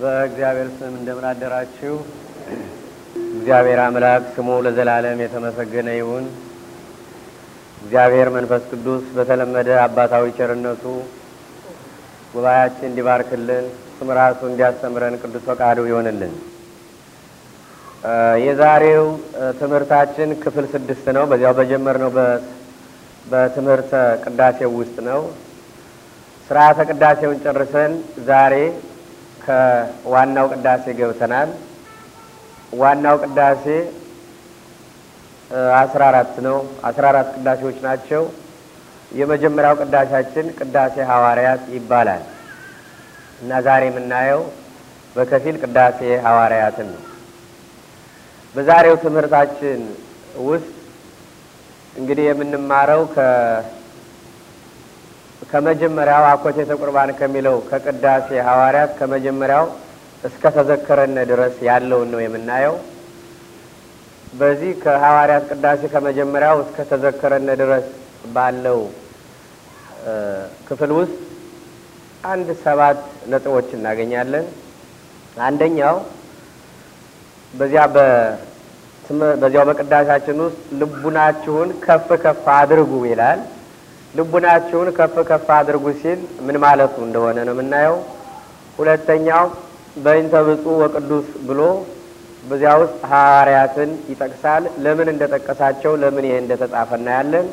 በእግዚአብሔር ስም እንደምን አደራችሁ። እግዚአብሔር አምላክ ስሙ ለዘላለም የተመሰገነ ይሁን። እግዚአብሔር መንፈስ ቅዱስ በተለመደ አባታዊ ቸርነቱ ጉባኤያችን እንዲባርክልን ስም ራሱ እንዲያስተምረን ቅዱስ ፈቃዱ ይሆንልን። የዛሬው ትምህርታችን ክፍል ስድስት ነው። በዚያው ነው በትምህርተ ቅዳሴው ውስጥ ነው። ስርዓተ ቅዳሴውን ጨርሰን ዛሬ ከዋናው ቅዳሴ ገብተናል። ዋናው ቅዳሴ አስራ አራት ነው። አስራ አራት ቅዳሴዎች ናቸው። የመጀመሪያው ቅዳሴያችን ቅዳሴ ሐዋርያት ይባላል እና ዛሬ የምናየው በከፊል ቅዳሴ ሐዋርያትን ነው። በዛሬው ትምህርታችን ውስጥ እንግዲህ የምንማረው ከ ከመጀመሪያው አኮቴተ ቁርባን ከሚለው ከቅዳሴ ሐዋርያት ከመጀመሪያው እስከ ተዘከረነ ድረስ ያለውን ነው የምናየው። በዚህ ከሐዋርያት ቅዳሴ ከመጀመሪያው እስከ ተዘከረነ ድረስ ባለው ክፍል ውስጥ አንድ ሰባት ነጥቦች እናገኛለን። አንደኛው በዚያ በዚያው በቅዳሴያችን ውስጥ ልቡናችሁን ከፍ ከፍ አድርጉ ይላል። ልቡናችሁን ከፍ ከፍ አድርጉ ሲል ምን ማለቱ እንደሆነ ነው የምናየው። ሁለተኛው በእንተ ብፁዕ ወቅዱስ ብሎ በዚያ ውስጥ ሐዋርያትን ይጠቅሳል። ለምን እንደጠቀሳቸው ለምን ይሄ እንደተጻፈ እናያለን።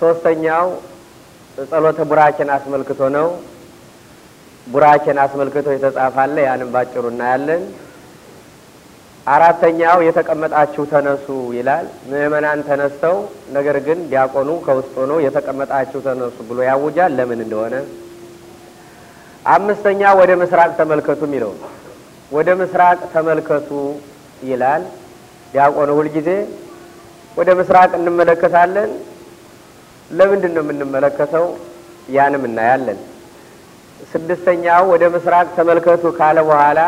ሶስተኛው ጸሎተ ቡራኬን አስመልክቶ ነው። ቡራኬን አስመልክቶ የተጻፈ አለ። ያንም ባጭሩ እናያለን። አራተኛው የተቀመጣችሁ ተነሱ ይላል። ምእመናን ተነስተው፣ ነገር ግን ዲያቆኑ ከውስጥ ሆኖ የተቀመጣችሁ ተነሱ ብሎ ያውጃል። ለምን እንደሆነ አምስተኛ ወደ ምስራቅ ተመልከቱ የሚለው ወደ ምስራቅ ተመልከቱ ይላል። ዲያቆኑ ሁልጊዜ ወደ ምስራቅ እንመለከታለን። ለምንድን ነው የምንመለከተው? ያንም እናያለን። ስድስተኛው ወደ ምስራቅ ተመልከቱ ካለ በኋላ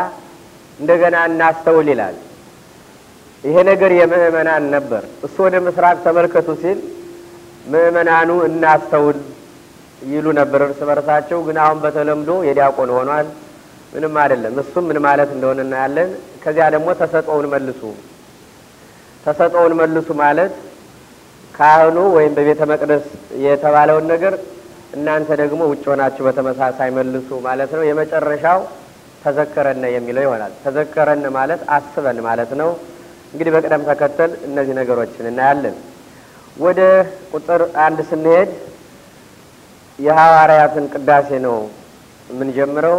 እንደገና እናስተውል ይላል። ይሄ ነገር የምእመናን ነበር። እሱ ወደ ምስራቅ ተመልከቱ ሲል ምዕመናኑ እናስተውል ይሉ ነበር እርስ በርሳቸው። ግን አሁን በተለምዶ የዲያቆን ሆኗል። ምንም አይደለም። እሱም ምን ማለት እንደሆነ እናያለን። ከዚያ ደግሞ ተሰጠውን መልሱ። ተሰጠውን መልሱ ማለት ካህኑ ወይም በቤተ መቅደስ የተባለውን ነገር እናንተ ደግሞ ውጭ ሆናችሁ በተመሳሳይ መልሱ ማለት ነው። የመጨረሻው ተዘከረነ የሚለው ይሆናል። ተዘከረን ማለት አስበን ማለት ነው። እንግዲህ በቅደም ተከተል እነዚህ ነገሮችን እናያለን። ወደ ቁጥር አንድ ስንሄድ የሐዋርያትን ቅዳሴ ነው የምንጀምረው።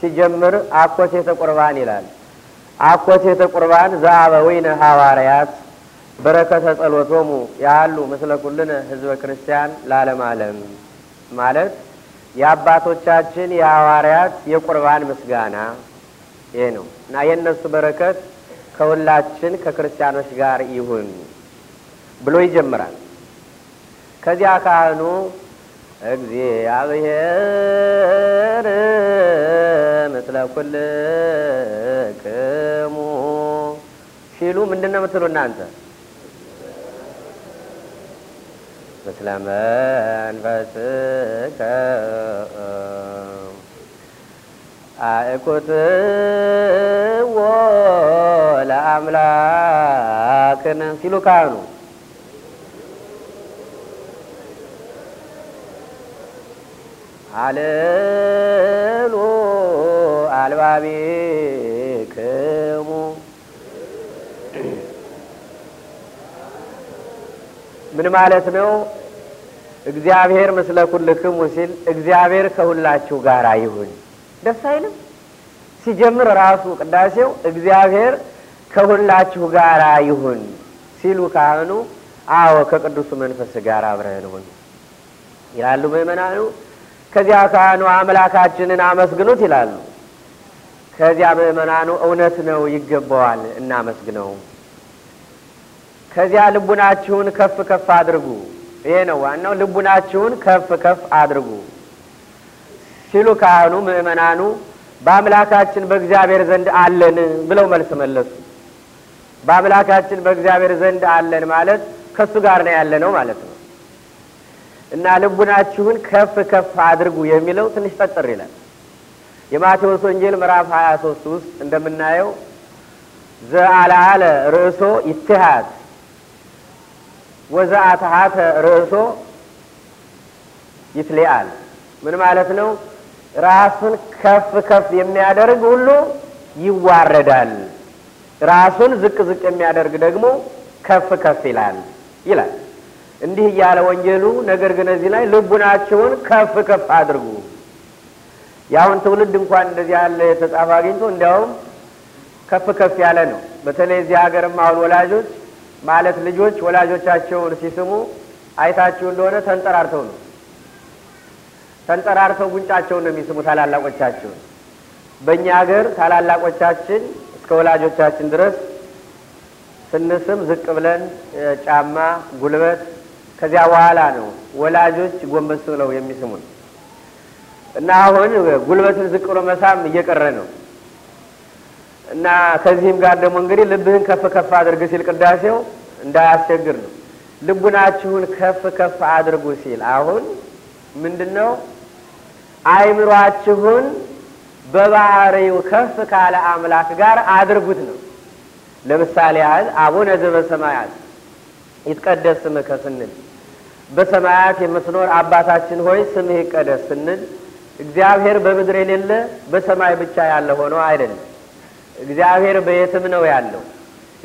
ሲጀምር አኮቴተ ቁርባን ይላል። አኮቴተ ቁርባን ዘአበዊነ ሐዋርያት በረከተ ጸሎቶሙ ያሉ ምስለ ኩልነ ህዝበ ክርስቲያን ለዓለም አለም ማለት የአባቶቻችን የሐዋርያት የቁርባን ምስጋና ይሄ ነው እና የእነሱ በረከት ከሁላችን ከክርስቲያኖች ጋር ይሁን ብሎ ይጀምራል። ከዚያ ካህኑ እግዚአብሔር ምስለ ኩልክሙ ሲሉ ምንድን ነው የምትሉ እናንተ? ምስለ መንፈስከ አእቁትዎ ለአምላክን ሲሉ ካህኑ አልሉ አልባቢክሙ ምን ማለት ነው? እግዚአብሔር ምስለ ኩልክሙ ሲል እግዚአብሔር ከሁላችሁ ጋር ይሁን ደስ አይልም? ሲጀምር ራሱ ቅዳሴው እግዚአብሔር ከሁላችሁ ጋር ይሁን ሲሉ ካህኑ አዎ ከቅዱሱ መንፈስ ጋር አብረን ሁን ይላሉ ምእመናኑ። ከዚያ ካህኑ አምላካችንን አመስግኑት ይላሉ። ከዚያ ምእመናኑ እውነት ነው ይገባዋል፣ እናመስግነው። ከዚያ ልቡናችሁን ከፍ ከፍ አድርጉ። ይሄ ነው ዋናው። ልቡናችሁን ከፍ ከፍ አድርጉ። ሲሉ ካህኑ ምእመናኑ በአምላካችን በእግዚአብሔር ዘንድ አለን ብለው መልስ መለሱ። በአምላካችን በእግዚአብሔር ዘንድ አለን ማለት ከእሱ ጋር ነው ያለ ነው ማለት ነው እና ልቡናችሁን ከፍ ከፍ አድርጉ የሚለው ትንሽ ጠጠር ይላል። የማቴዎስ ወንጌል ምዕራፍ 23 ውስጥ እንደምናየው ዘአልዓለ ርእሶ ይትሃት ወዘአትሃተ ርእሶ ይትሌአል ምን ማለት ነው? ራሱን ከፍ ከፍ የሚያደርግ ሁሉ ይዋረዳል፣ ራሱን ዝቅ ዝቅ የሚያደርግ ደግሞ ከፍ ከፍ ይላል ይላል። እንዲህ እያለ ወንጀሉ ነገር ግን እዚህ ላይ ልቡናችሁን ከፍ ከፍ አድርጉ። የአሁን ትውልድ እንኳን እንደዚህ ያለ የተጻፈ አግኝቶ እንዲያውም ከፍ ከፍ ያለ ነው። በተለይ እዚህ ሀገርም አሁን ወላጆች ማለት ልጆች ወላጆቻቸውን ሲስሙ አይታችሁ እንደሆነ ተንጠራርተው ነው ተንጠራርተው ጉንጫቸውን ነው የሚስሙ ታላላቆቻቸውን። በእኛ ሀገር ታላላቆቻችን እስከ ወላጆቻችን ድረስ ስንስም ዝቅ ብለን ጫማ፣ ጉልበት ከዚያ በኋላ ነው ወላጆች ጎንበስ ብለው የሚስሙን እና አሁን ጉልበትን ዝቅ ብሎ መሳም እየቀረ ነው እና ከዚህም ጋር ደግሞ እንግዲህ ልብህን ከፍ ከፍ አድርግ ሲል ቅዳሴው እንዳያስቸግር ነው። ልቡናችሁን ከፍ ከፍ አድርጉ ሲል አሁን ምንድን ነው አይምሯችሁን በባህሪው ከፍ ካለ አምላክ ጋር አድርጉት ነው። ለምሳሌ ያህል አቡነ ዘበሰማያት ይትቀደስ ስምከ ስንል በሰማያት የምትኖር አባታችን ሆይ ስምህ ይቀደስ ስንል እግዚአብሔር በምድር የሌለ በሰማይ ብቻ ያለ ሆኖ አይደለም። እግዚአብሔር በየትም ነው ያለው።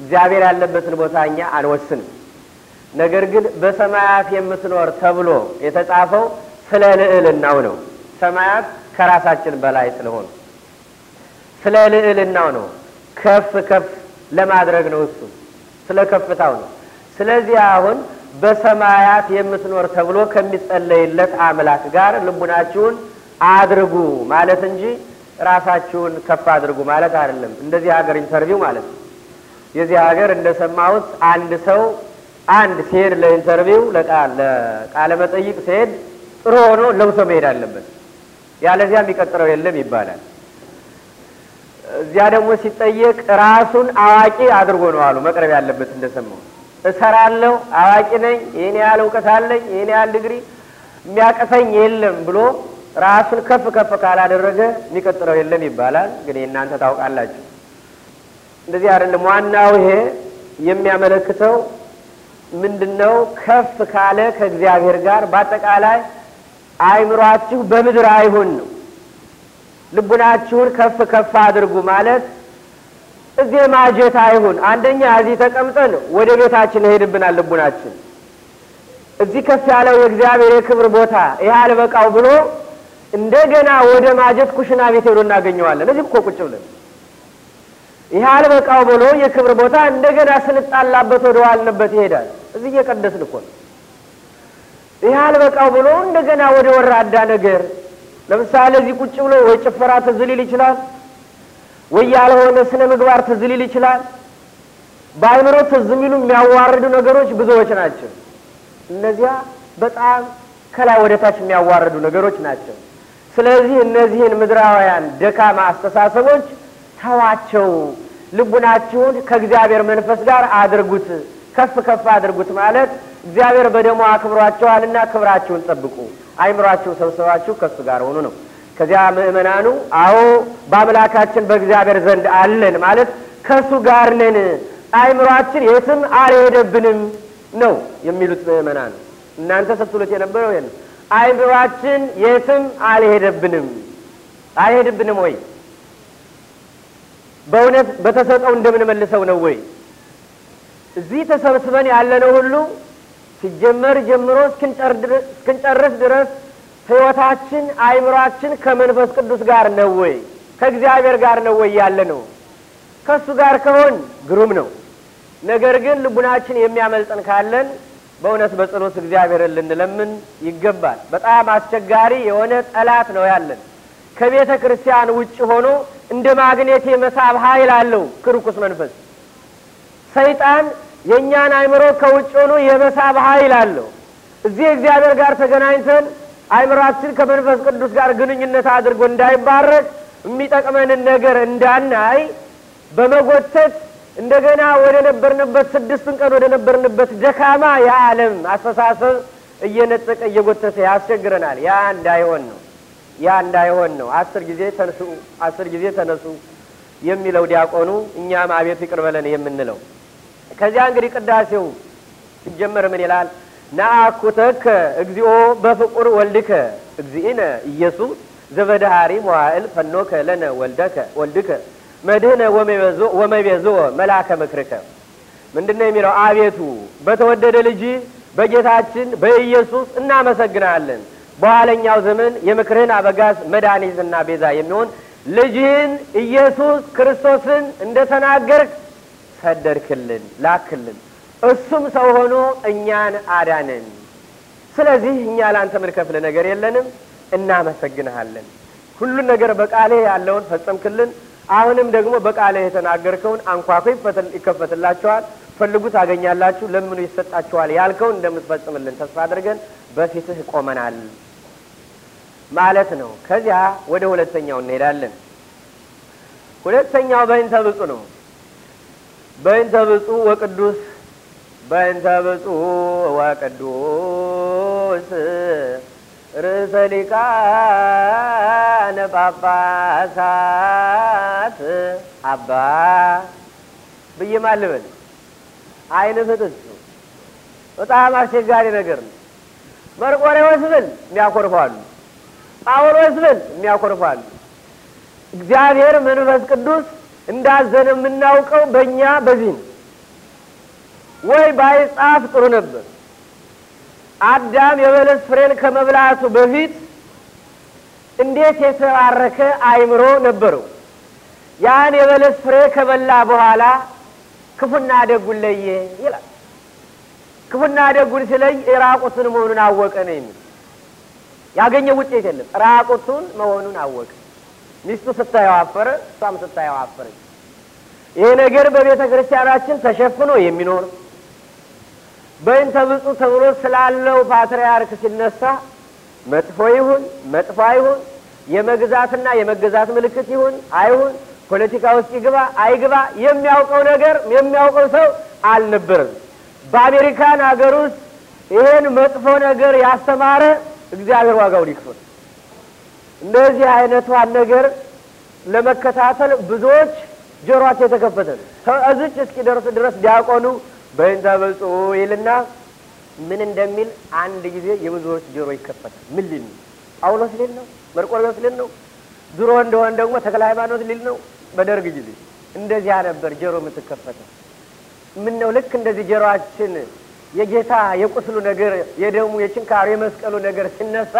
እግዚአብሔር ያለበትን ቦታ እኛ አንወስንም። ነገር ግን በሰማያት የምትኖር ተብሎ የተጻፈው ስለ ልዕልናው ነው። ሰማያት ከራሳችን በላይ ስለሆኑ ስለ ልዕልናው ነው። ከፍ ከፍ ለማድረግ ነው። እሱ ስለ ከፍታው ነው። ስለዚህ አሁን በሰማያት የምትኖር ተብሎ ከሚጸለይለት አምላክ ጋር ልቡናችሁን አድርጉ ማለት እንጂ ራሳችሁን ከፍ አድርጉ ማለት አይደለም። እንደዚህ ሀገር ኢንተርቪው ማለት ነው። የዚህ ሀገር እንደሰማሁት አንድ ሰው አንድ ሲሄድ ለኢንተርቪው ለቃለ መጠይቅ ሲሄድ ጥሩ ሆኖ ለብሶ መሄድ አለበት። ያለዚያ የሚቀጥረው የለም ይባላል። እዚያ ደግሞ ሲጠየቅ ራሱን አዋቂ አድርጎ ነው አሉ መቅረብ ያለበት። እንደሰማው እሰራለሁ፣ አዋቂ ነኝ፣ ይህን ያህል እውቀት አለኝ፣ ይህን ያህል ድግሪ፣ የሚያቅተኝ የለም ብሎ ራሱን ከፍ ከፍ ካላደረገ የሚቀጥለው የለም ይባላል። ግን እናንተ ታውቃላችሁ። እንደዚህ አይደለም። ዋናው ይሄ የሚያመለክተው ምንድን ነው? ከፍ ካለ ከእግዚአብሔር ጋር በአጠቃላይ አይምሯችሁ በምድር አይሁን ነው። ልቡናችሁን ከፍ ከፍ አድርጉ ማለት እዚህ ማጀት አይሁን። አንደኛ እዚህ ተቀምጠን ወደ ቤታችን ሄድብናል። ልቡናችን እዚህ ከፍ ያለው የእግዚአብሔር የክብር ቦታ ይህ አልበቃው ብሎ እንደገና ወደ ማጀት ኩሽና ቤት ሄዶ እናገኘዋለን። እዚህ እኮ ቁጭ ብለን ይህ አልበቃው ብሎ የክብር ቦታ እንደገና ስንጣላበት ወደ ዋልንበት ይሄዳል። እዚህ እየቀደስን እኮ ነው። ይህ አልበቃው ብሎ እንደገና ወደ ወራዳ ነገር ለምሳሌ እዚህ ቁጭ ብሎ ወይ ጭፈራ ትዝሊል ይችላል፣ ወይ ያልሆነ ስነ ምግባር ተዝሊል ይችላል። በአይምሮ ትዝ የሚሉ የሚያዋርዱ ነገሮች ብዙዎች ናቸው። እነዚያ በጣም ከላይ ወደ ታች የሚያዋርዱ ነገሮች ናቸው። ስለዚህ እነዚህን ምድራውያን ደካማ አስተሳሰቦች ተዋቸው፣ ልቡናችሁን ከእግዚአብሔር መንፈስ ጋር አድርጉት፣ ከፍ ከፍ አድርጉት ማለት እግዚአብሔር በደሞ አክብሯቸዋልና ክብራችሁን ጠብቁ፣ አይምሯችሁ ሰብስባችሁ ከእሱ ጋር ሆኑ ነው። ከዚያ ምእመናኑ አዎ በአምላካችን በእግዚአብሔር ዘንድ አለን ማለት ከእሱ ጋር ነን፣ አይምሯችን የትም አልሄደብንም ነው የሚሉት ምእመናኑ። እናንተ ስትሉት የነበረው ይሄን አይምሯችን የትም አልሄደብንም አልሄድብንም ወይ? በእውነት በተሰጠው እንደምንመልሰው ነው ወይ? እዚህ ተሰብስበን ያለነው ሁሉ ሲጀመር ጀምሮ እስክንጨርስ ድረስ ህይወታችን አእምሯችን ከመንፈስ ቅዱስ ጋር ነው ወይ ከእግዚአብሔር ጋር ነው ወይ ያለ ነው። ከእሱ ጋር ከሆን ግሩም ነው። ነገር ግን ልቡናችን የሚያመልጠን ካለን በእውነት በጸሎት እግዚአብሔርን ልንለምን ይገባል። በጣም አስቸጋሪ የሆነ ጠላት ነው ያለን። ከቤተ ክርስቲያን ውጭ ሆኖ እንደ ማግኔት የመሳብ ኃይል አለው ክርኩስ መንፈስ ሰይጣን የእኛን አእምሮ ከውጭ ሆኖ የመሳብ ኃይል አለው። እዚህ እግዚአብሔር ጋር ተገናኝተን አእምሯችን ከመንፈስ ቅዱስ ጋር ግንኙነት አድርጎ እንዳይባረክ የሚጠቅመንን ነገር እንዳናይ በመጎተት እንደገና ወደ ነበርንበት ስድስቱን ቀን ወደ ነበርንበት ደካማ የዓለም አስተሳሰብ እየነጠቀ እየጎተተ ያስቸግረናል። ያ እንዳይሆን ነው። ያ እንዳይሆን ነው። አስር ጊዜ ተነሱ፣ አስር ጊዜ ተነሱ የሚለው ዲያቆኑ እኛም አቤቱ ይቅር በለን የምንለው ከዚያ እንግዲህ ቅዳሴው ሲጀመር ምን ይላል? ነአኩተከ እግዚኦ በፍቁር ወልድከ እግዚእነ ኢየሱስ ዘበዳሃሪ መዋእል ፈኖከ ለነ ወልድከ መድህነ ወመቤዞ መላከ ምክርከ። ምንድን ነው የሚለው? አቤቱ በተወደደ ልጅ በጌታችን በኢየሱስ እናመሰግናለን። በኋለኛው ዘመን የምክርህን አበጋዝ መድኃኒትና ቤዛ የሚሆን ልጅህን ኢየሱስ ክርስቶስን ተናገርክ ሰደድክልን፣ ላክልን። እሱም ሰው ሆኖ እኛን አዳነን። ስለዚህ እኛ ለአንተ ምንከፍል ነገር የለንም፣ እናመሰግንሃለን። ሁሉን ነገር በቃልህ ያለውን ፈጸምክልን። አሁንም ደግሞ በቃልህ የተናገርከውን አንኳኩ ይከፈትላችኋል፣ ፈልጉ ታገኛላችሁ፣ ለምኑ ይሰጣችኋል ያልከውን እንደምትፈጽምልን ተስፋ አድርገን በፊትህ ቆመናል ማለት ነው። ከዚያ ወደ ሁለተኛው እንሄዳለን። ሁለተኛው በእንተ ነው። በእንተ ብፁዕ ወቅዱስ በእንተ ብፁዕ ወቅዱስ ርእሰ ሊቃነ ጳጳሳት አባ ብዬ ማልበል አይነ ፍጥስ በጣም አስቸጋሪ ነገር ነው። መርቆሬዎስ ብል የሚያኮርፋሉ፣ ጳውሎስ ብል የሚያኮርፋሉ። እግዚአብሔር መንፈስ ቅዱስ እንዳዘነ የምናውቀው በእኛ በዚህ ነው። ወይ ባይጻፍ ጥሩ ነበር። አዳም የበለስ ፍሬን ከመብላቱ በፊት እንዴት የተባረከ አይምሮ ነበረው። ያን የበለስ ፍሬ ከበላ በኋላ ክፉና ደጉን ለየ ይላል። ክፉና ደጉን ሲለይ ራቁቱን መሆኑን አወቀ ነው የሚል ያገኘው ውጤት የለም። ራቁቱን መሆኑን አወቀ። ሚስቱ ስታየው አፈረ፣ እሷም ስታየው ይሄ ነገር በቤተ ክርስቲያናችን ተሸፍኖ የሚኖር በይንተ ብፁዕ ተብሎ ስላለው ፓትርያርክ ሲነሳ መጥፎ ይሁን መጥፎ አይሁን የመግዛትና የመገዛት ምልክት ይሁን አይሁን ፖለቲካ ውስጥ ይግባ አይግባ የሚያውቀው ነገር የሚያውቀው ሰው አልነበርም በአሜሪካን ሀገር ውስጥ ይሄን መጥፎ ነገር ያስተማረ እግዚአብሔር ዋጋውን ይክፈል። እንደዚህ አይነቷን ነገር ለመከታተል ብዙዎች ጆሮቸው የተከፈተ ነው። እስኪ እስኪደርስ ድረስ ዲያቆኑ በይንታ በልጽ ይልና ምን እንደሚል አንድ ጊዜ የብዙዎች ጆሮ ይከፈታል። ምን ሊል ነው? ጳውሎስ ሊል ነው? መርቆስ ሊል ነው? ድሮ እንደሆነ ደግሞ ተክለ ሃይማኖት ሊል ነው? በደርግ ጊዜ እንደዚያ ነበር ጆሮ የምትከፈተው። ምን ነው ልክ እንደዚህ ጆሮአችን የጌታ የቁስሉ ነገር የደሙ የችንካሩ የመስቀሉ ነገር ሲነሳ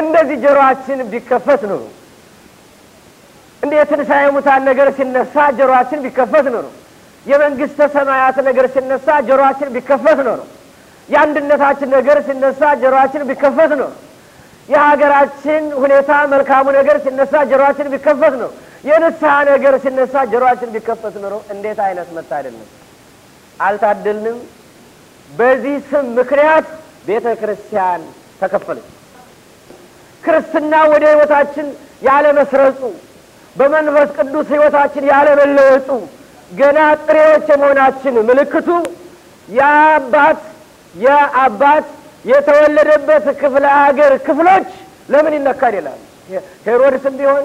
እንደዚህ ጆሮአችን ቢከፈት ኑሩ እንደ የትንሣኤ ሙታን ነገር ሲነሳ ጆሮአችን ቢከፈት ኑሩ የመንግሥተ ሰማያት ነገር ሲነሳ ጆሮአችን ቢከፈት ኖሩ። የአንድነታችን ነገር ሲነሳ ጆሮአችን ቢከፈት ኖሩ። የሀገራችን ሁኔታ መልካሙ ነገር ሲነሳ ጆሮአችን ቢከፈት ነው። የንስሐ ነገር ሲነሳ ጆሮአችን ቢከፈት ኖሮ እንዴት አይነት መታደል አይደለም አልታደልንም። በዚህ ስም ምክንያት ቤተ ክርስቲያን ተከፈለች። ክርስትና ወደ ያለ መስረጹ በመንፈስ ቅዱስ ያለ መለወጡ ገና ጥሬዎች የመሆናችን ምልክቱ የአባት የአባት የተወለደበት ክፍለ አገር ክፍሎች ለምን ይነካል ይላል። ሄሮድስም ቢሆን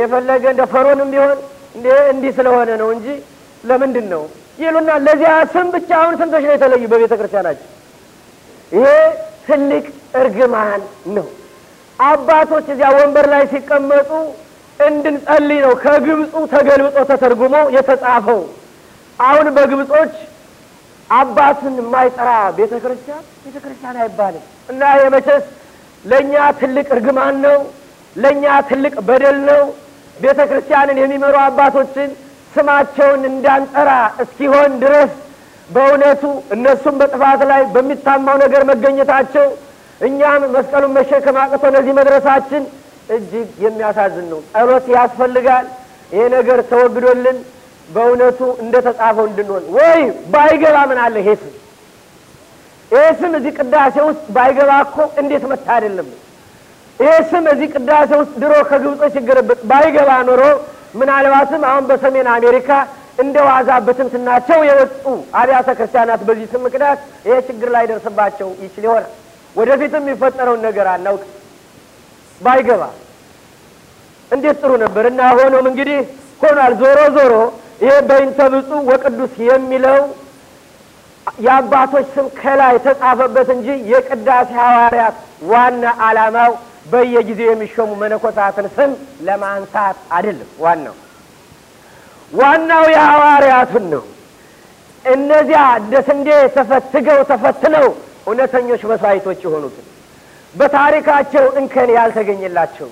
የፈለገ እንደ ፈሮንም ቢሆን እንዲህ ስለሆነ ነው እንጂ ለምንድን ነው ይሉና ለዚያ ስም ብቻ አሁን ስንቶች ነው የተለዩ በቤተ ክርስቲያናችን? ይሄ ትልቅ እርግማን ነው። አባቶች እዚያ ወንበር ላይ ሲቀመጡ እንድንጸልይ ነው ከግብፁ ተገልብጦ ተተርጉሞ የተጻፈው። አሁን በግብጾች አባትን የማይጠራ ቤተ ክርስቲያን ቤተ ክርስቲያን አይባልም እና የመቸስ ለእኛ ትልቅ እርግማን ነው፣ ለእኛ ትልቅ በደል ነው። ቤተ ክርስቲያንን የሚመሩ አባቶችን ስማቸውን እንዳንጠራ እስኪሆን ድረስ በእውነቱ እነሱም በጥፋት ላይ በሚታማው ነገር መገኘታቸው እኛም መስቀሉን መሸከም አቅቶ እነዚህ መድረሳችን እጅግ የሚያሳዝን ነው። ጸሎት ያስፈልጋል። ይሄ ነገር ተወግዶልን በእውነቱ እንደ ተጻፈው እንድንሆን ወይ ባይገባ ምን አለ ይሄ ስም ይሄ ስም እዚህ ቅዳሴ ውስጥ ባይገባ እኮ እንዴት መታ አይደለም። ይሄ ስም እዚህ ቅዳሴ ውስጥ ድሮ ከግብጾ ሲገለበጥ ባይገባ ኖሮ ምናልባትም አሁን በሰሜን አሜሪካ እንደ ዋዛ በትምትናቸው የወጡ አብያተ ክርስቲያናት በዚህ ስም ምክንያት ይሄ ችግር ላይ ደርስባቸው ይችል ይሆናል። ወደፊትም የሚፈጠረውን ነገር አናውቅ ባይገባ እንዴት ጥሩ ነበር እና ሆኖም እንግዲህ ሆኗል። ዞሮ ዞሮ ይሄ በይንተ ብፁ ወቅዱስ የሚለው የአባቶች ስም ከላይ የተጻፈበት እንጂ የቅዳሴ ሐዋርያት ዋና ዓላማው በየጊዜው የሚሾሙ መነኮሳትን ስም ለማንሳት አይደለም። ዋናው ዋናው የሐዋርያቱን ነው። እነዚያ እንደ ስንዴ ተፈትገው ተፈትነው እውነተኞች መስዋዕቶች የሆኑትን በታሪካቸው እንከን ያልተገኘላቸው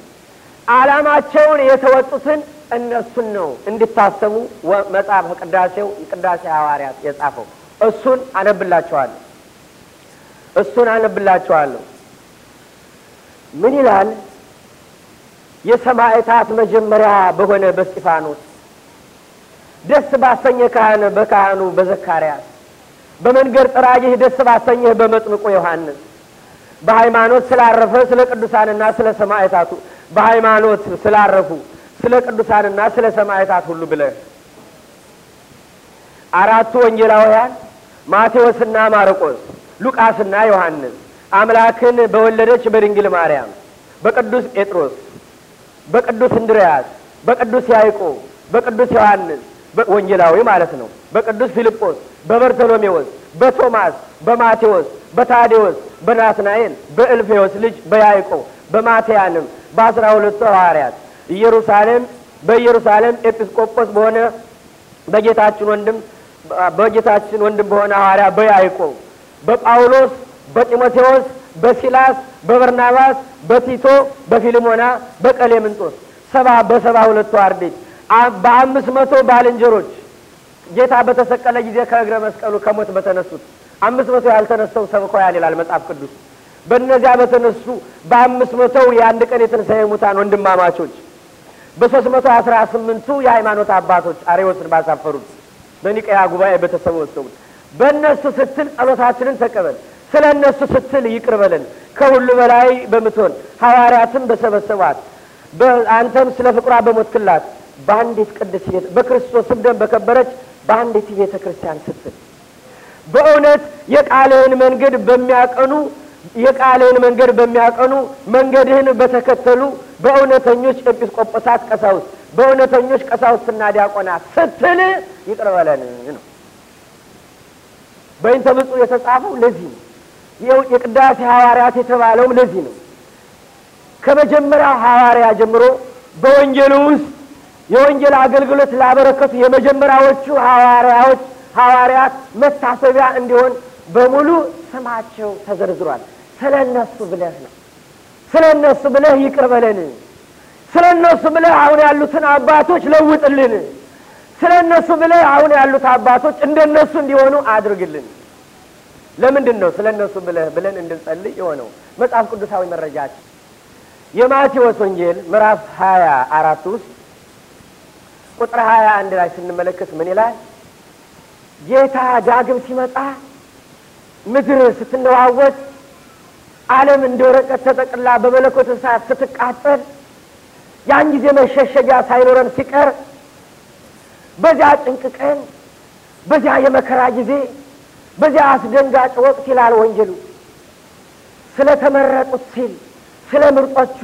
አላማቸውን የተወጡትን እነሱን ነው እንድታሰቡ መጽሐፈ ቅዳሴው ቅዳሴ ሐዋርያት የጻፈው። እሱን አነብላችኋለሁ እሱን አነብላችኋለሁ። ምን ይላል? የሰማዕታት መጀመሪያ በሆነ በስጢፋኖስ ደስ ባሰኘ ካህን በካህኑ በዘካርያስ በመንገድ ጥራጅህ ደስ ባሰኘህ በመጥምቁ ዮሐንስ በሃይማኖት ስላረፈ ስለ ቅዱሳንና ስለ ሰማዕታቱ በሃይማኖት ስላረፉ ስለ ቅዱሳንና ስለ ሰማዕታት ሁሉ ብለህ አራቱ ወንጌላውያን ማቴዎስና ማርቆስ፣ ሉቃስና ዮሐንስ አምላክን በወለደች በድንግል ማርያም፣ በቅዱስ ጴጥሮስ፣ በቅዱስ እንድርያስ፣ በቅዱስ ያይቆ በቅዱስ ዮሐንስ ወንጌላዊ ማለት ነው። በቅዱስ ፊልጶስ፣ በበርተሎሜዎስ፣ በቶማስ፣ በማቴዎስ፣ በታዴዎስ፣ በናትናኤል፣ በእልፌዎስ ልጅ በያይቆ፣ በማቴያንም፣ በአስራ ሁለቱ ሐዋርያት ኢየሩሳሌም በኢየሩሳሌም ኤጲስቆጶስ በሆነ በጌታችን ወንድም በጌታችን ወንድም በሆነ ሐዋርያ በያይቆ፣ በጳውሎስ፣ በጢሞቴዎስ፣ በሲላስ፣ በበርናባስ፣ በቲቶ፣ በፊልሞና፣ በቀሌምንጦስ ሰባ በሰባ ሁለቱ አርድእት በአምስት መቶ ባልንጀሮች ጌታ በተሰቀለ ጊዜ ከእግረ መስቀሉ ከሞት በተነሱት አምስት መቶ ያልተነሰው ሰብከዋል ይላል መጽሐፍ ቅዱስ። በእነዚያ በተነሱ በአምስት መቶው የአንድ ቀን የትንሣኤ ሙታን ወንድማማቾች በሶስት መቶ አስራ ስምንቱ የሃይማኖት አባቶች አሬዎስን ባሳፈሩት በኒቀያ ጉባኤ በተሰበሰቡት በእነሱ ስትል ጸሎታችንን ተቀበል። ስለ እነሱ ስትል ይቅር በለን። ከሁሉ በላይ በምትሆን ሐዋርያትም በሰበሰቧት አንተም ስለ ፍቁራ በሞትክላት በአንዲት ቅድስት ቤተ በክርስቶስም ደም በከበረች በአንዲት ቤተ ክርስቲያን ስትል በእውነት የቃልህን መንገድ በሚያቀኑ የቃልህን መንገድ በሚያቀኑ መንገድህን በተከተሉ በእውነተኞች ኤጲስቆጶሳት ቀሳውስ በእውነተኞች ቀሳውስትና ዲያቆናት ስትል ይቅርበለን ነው። በይንተ ብፁ የተጻፈው ለዚህ ነው። የቅዳሴ ሐዋርያት የተባለውም ለዚህ ነው። ከመጀመሪያው ሐዋርያ ጀምሮ በወንጌሉ ውስጥ የወንጌል አገልግሎት ላበረከቱ የመጀመሪያዎቹ ሐዋርያዎች ሐዋርያት መታሰቢያ እንዲሆን በሙሉ ስማቸው ተዘርዝሯል። ስለ እነሱ ብለህ ነው። ስለ እነሱ ብለህ ይቅር በለን። ስለ እነሱ ብለህ አሁን ያሉትን አባቶች ለውጥልን። ስለ እነሱ ብለህ አሁን ያሉት አባቶች እንደ እነሱ እንዲሆኑ አድርግልን። ለምንድን ነው ስለ እነሱ ብለህ ብለን እንድንጸልይ የሆነው? መጽሐፍ ቅዱሳዊ መረጃችን የማቴዎስ ወንጌል ምዕራፍ ሀያ አራት ውስጥ ቁጥር ሀያ አንድ ላይ ስንመለከት ምን ይላል? ጌታ ዳግም ሲመጣ ምድር ስትነዋወጥ፣ ዓለም እንደ ወረቀት ተጠቅላ በመለኮት እሳት ስትቃጠል፣ ያን ጊዜ መሸሸጊያ ሳይኖረን ሲቀር በዚያ ጭንቅ ቀን፣ በዚያ የመከራ ጊዜ፣ በዚያ አስደንጋጭ ወቅት ይላል ወንጀሉ! ስለ ተመረጡት ሲል ስለ ምርጦቹ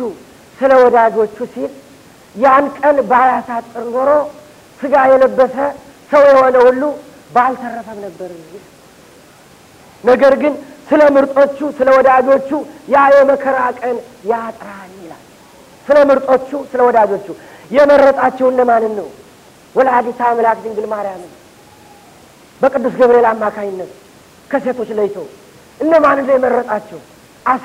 ስለ ወዳጆቹ ሲል ያን ቀን ባያሳጥር ኖሮ ስጋ የለበሰ ሰው የሆነ ሁሉ ባልተረፈም ነበር። ነገር ግን ስለ ምርጦቹ ስለ ወዳጆቹ ያ የመከራ ቀን ያጥራል ይላል። ስለ ምርጦቹ ስለ ወዳጆቹ የመረጣቸው እነማንን ነው? ወላዲተ አምላክ ድንግል ማርያምን በቅዱስ ገብርኤል አማካኝነት ከሴቶች ለይቶ እነማንን ነው የመረጣቸው? አሳ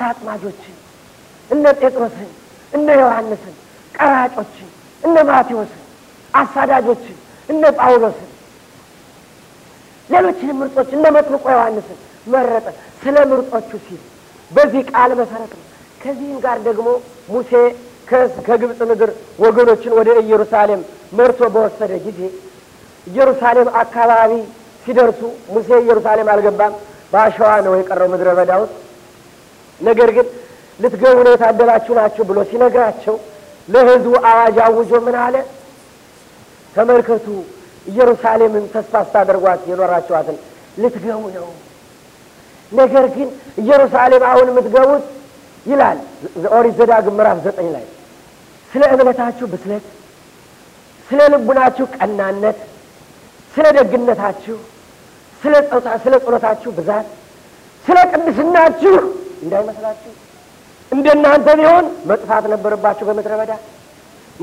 እነ ጴጥሮስን፣ እነ ዮሐንስን ቀራጮችን፣ እነ ማቴዎስን፣ አሳዳጆችን፣ እነ ጳውሎስን፣ ሌሎችንም ምርጦች እነ መጥምቆ ዮሐንስን መረጠ። ስለ ምርጦቹ ሲል በዚህ ቃል መሰረት ነው። ከዚህም ጋር ደግሞ ሙሴ ከግብፅ ምድር ወገኖችን ወደ ኢየሩሳሌም መርቶ በወሰደ ጊዜ ኢየሩሳሌም አካባቢ ሲደርሱ ሙሴ ኢየሩሳሌም አልገባም። በአሸዋ ነው የቀረው ምድረ በዳ ውስጥ። ነገር ግን ልትገቡ ነው የታደላችሁ ናችሁ ብሎ ሲነግራቸው ለህዝቡ አዋጅ አውጆ ምን አለ? ተመልከቱ፣ ኢየሩሳሌምን ተስፋ ስታደርጓት የኖራችኋትን ልትገቡ ነው። ነገር ግን ኢየሩሳሌም አሁን የምትገቡት ይላል ኦሪት ዘዳግም ምዕራፍ ዘጠኝ ላይ ስለ እምነታችሁ ብስለት፣ ስለ ልቡናችሁ ቀናነት፣ ስለ ደግነታችሁ፣ ስለ ጸሎታችሁ ብዛት፣ ስለ ቅድስናችሁ እንዳይመስላችሁ እንደናንተ ቢሆን መጥፋት ነበረባችሁ በምድረ በዳ።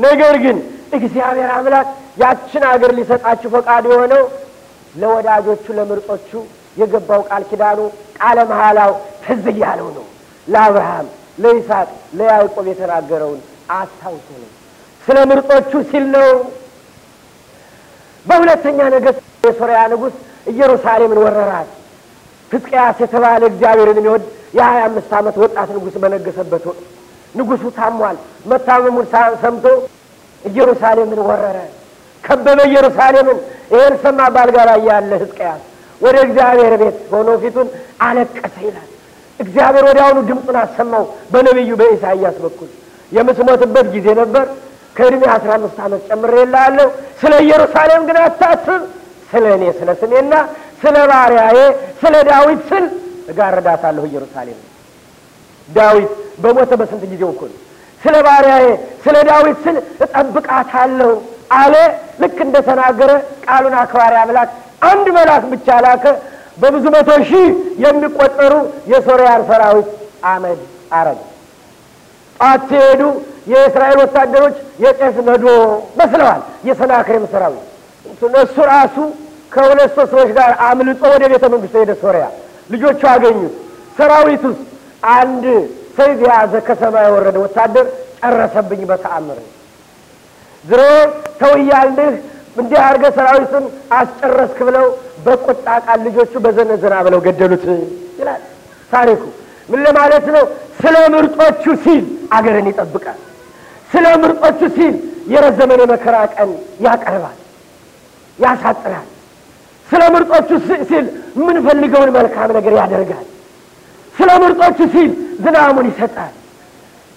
ነገር ግን እግዚአብሔር አምላክ ያችን አገር ሊሰጣችሁ ፈቃድ የሆነው ለወዳጆቹ ለምርጦቹ የገባው ቃል ኪዳኑ ቃለ መሐላው ትዝ እያለው ነው። ለአብርሃም፣ ለይስሐቅ፣ ለያዕቆብ የተናገረውን አስታውሱ ነው። ስለ ምርጦቹ ሲል ነው። በሁለተኛ ነገሥት የሶርያ ንጉሥ ኢየሩሳሌምን ወረራት። ሕዝቅያስ የተባለ እግዚአብሔርን የሚወድ የሀያ አምስት ዓመት ወጣት ንጉሥ በነገሰበት ወቅት ንጉሡ ታሟል። መታመሙን ሰምቶ ኢየሩሳሌምን ወረረ፣ ከበበ ኢየሩሳሌምን። ይህን ሰማ በአልጋ ላይ ያለ ሕዝቅያስ ወደ እግዚአብሔር ቤት ሆኖ ፊቱን አለቀሰ ይላል። እግዚአብሔር ወዲያውኑ ድምፁን አሰማው በነቢዩ በኢሳይያስ በኩል የምስሞትበት ጊዜ ነበር። ከእድሜ አስራ አምስት ዓመት ጨምሬልሃለሁ። ስለ ኢየሩሳሌም ግን አታስብ። ስለ እኔ ስለ ስሜና ስለ ባሪያዬ ስለ ዳዊት ስል እጋርዳታለሁ ኢየሩሳሌም። ዳዊት በሞተ በስንት ጊዜው እኮ ስለ ባሪያዬ ስለ ዳዊት ስል እጠብቃታለሁ አለ። ልክ እንደ ተናገረ ቃሉን አክባሪ አምላክ አንድ መልአክ ብቻ ላከ። በብዙ መቶ ሺህ የሚቆጠሩ የሶርያን ሰራዊት አመድ አረግ ጧት ሲሄዱ የእስራኤል ወታደሮች የጤፍ ነዶ መስለዋል። የሰናክሬም ሰራዊት እሱ ራሱ ከሁለት ሰዎች ጋር አምልጦ ወደ ቤተ መንግስቱ ሄደ ሶርያ ልጆቹ አገኙት። ሰራዊት ውስጥ አንድ ሰይፍ የያዘ ከሰማይ የወረደ ወታደር ጨረሰብኝ በተአምር ዝሮ ተውያልንህ እንዲህ አድርገህ ሰራዊቱን አስጨረስክ ብለው በቁጣ ቃል ልጆቹ በዘነዘና ብለው ገደሉት ይላል ታሪኩ። ምን ለማለት ነው? ስለ ምርጦቹ ሲል አገርን ይጠብቃል። ስለ ምርጦቹ ሲል የረዘመን የመከራ ቀን ያቀርባል፣ ያሳጥራል። ስለ ምርጦቹ ሲል የምንፈልገውን መልካም ነገር ያደርጋል። ስለ ምርጦቹ ሲል ዝናሙን ይሰጣል።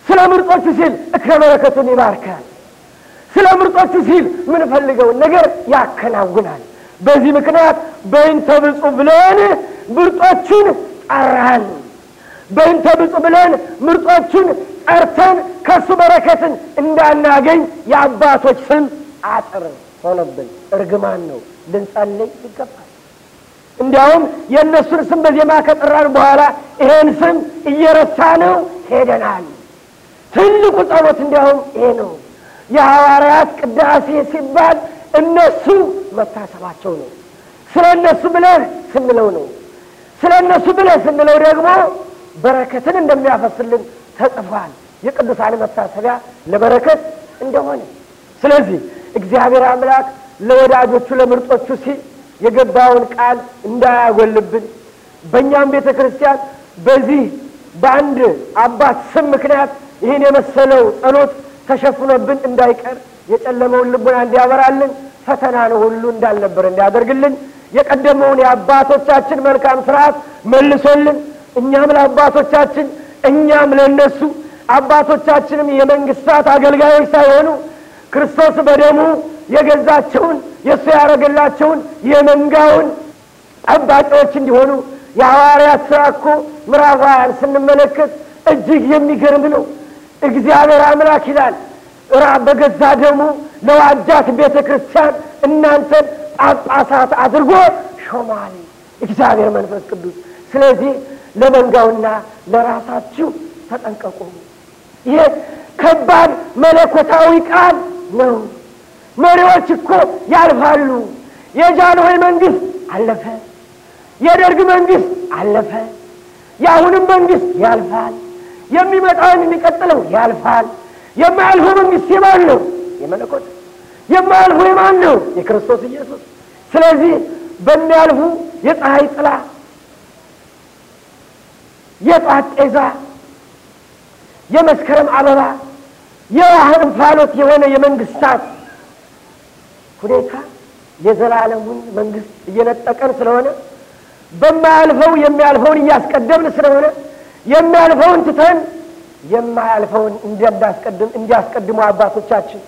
ስለ ምርጦቹ ሲል እክረ በረከቱን ይባርካል። ስለ ምርጦቹ ሲል የምንፈልገውን ነገር ያከናውናል። በዚህ ምክንያት በይንተ ብፁ ብለን ምርጦቹን ጠራን። በይንተ ብፁ ብለን ምርጦቹን ጠርተን ከእሱ በረከትን እንዳናገኝ የአባቶች ስም አጥርን። ሆነብን። እርግማን ነው፣ ልንጸልይ ይገባል። እንዲያውም የእነሱን ስም በዜማ ከጠራን በኋላ ይሄን ስም እየረሳ ነው ሄደናል። ትልቁ ጸሎት እንዲያውም ይሄ ነው። የሐዋርያት ቅዳሴ ሲባል እነሱ መታሰባቸው ነው። ስለ እነሱ ብለህ ስንለው ነው። ስለ እነሱ ብለህ ስንለው ደግሞ በረከትን እንደሚያፈስልን ተጽፏል። የቅዱሳን መታሰቢያ ለበረከት እንደሆነ ስለዚህ እግዚአብሔር አምላክ ለወዳጆቹ ለምርጦቹ ሲል የገባውን ቃል እንዳያጎልብን በእኛም ቤተ ክርስቲያን በዚህ በአንድ አባት ስም ምክንያት ይህን የመሰለው ጸሎት ተሸፍኖብን እንዳይቀር የጨለመውን ልቡና እንዲያበራልን ፈተና ነው ሁሉ እንዳልነበር እንዲያደርግልን የቀደመውን የአባቶቻችን መልካም ስርዓት መልሶልን እኛም ለአባቶቻችን እኛም ለእነሱ አባቶቻችንም የመንግስታት አገልጋዮች ሳይሆኑ ክርስቶስ በደሙ የገዛቸውን የእሱ ያደረገላቸውን የመንጋውን ጠባቂዎች እንዲሆኑ የሐዋርያት ሥራ እኮ ምዕራፍ ሀያን ስንመለከት እጅግ የሚገርም ነው። እግዚአብሔር አምላክ ይላል ራ በገዛ ደሙ ለዋጃት ቤተ ክርስቲያን እናንተን ጳጳሳት አድርጎ ሾማል እግዚአብሔር መንፈስ ቅዱስ። ስለዚህ ለመንጋውና ለራሳችሁ ተጠንቀቁ። ይሄ ከባድ መለኮታዊ ቃል ነው። መሪዎች እኮ ያልፋሉ። የጃንሆይ መንግስት አለፈ፣ የደርግ መንግስት አለፈ። የአሁንም መንግስት ያልፋል። የሚመጣውን የሚቀጥለው ያልፋል። የማያልፈው መንግስት የማን ነው? የመለኮት። የማያልፈው የማን ነው? የክርስቶስ ኢየሱስ። ስለዚህ በሚያልፉ የፀሐይ ጥላ፣ የጧት ጤዛ፣ የመስከረም አበባ የውሃ እንፋሎት የሆነ የመንግስታት ሁኔታ የዘላለሙን መንግስት እየነጠቀን ስለሆነ በማያልፈው የሚያልፈውን እያስቀደምን ስለሆነ የሚያልፈውን ትተን የማያልፈውን እንዲያስቀድም እንዲያስቀድሙ አባቶቻችን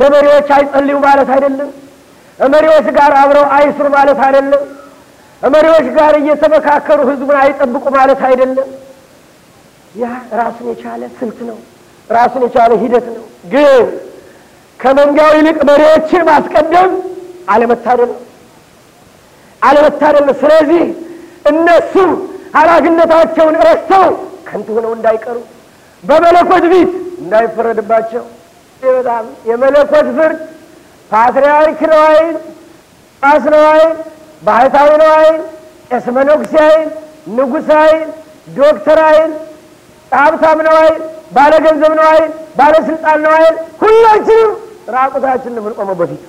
ለመሪዎች አይጸልዩ ማለት አይደለም። መሪዎች ጋር አብረው አይስሩ ማለት አይደለም። መሪዎች ጋር እየተመካከሩ ህዝቡን አይጠብቁ ማለት አይደለም። ያ ራሱን የቻለ ስልት ነው። ራሱን የቻለ ሂደት ነው። ግን ከመንጋው ይልቅ መሪዎችን ማስቀደም አለመታደል አለመታደል። ስለዚህ እነሱ ኃላፊነታቸውን ረስተው ከንቱ ሆነው እንዳይቀሩ በመለኮት ፊት እንዳይፈረድባቸው በጣም የመለኮት ፍርድ ፓትርያርክ ነው አይል፣ ጳስ ነው አይል፣ ባህታዊ ነው አይል፣ ቄስ መነኩሴ አይል፣ ንጉሥ አይል፣ ዶክተር አይል፣ ጣብታም ነው አይል ባለ ገንዘብ ነው አይል፣ ባለ ስልጣን ነው አይል፣ ሁላችንም ራቁታችን የምንቆመው በፊት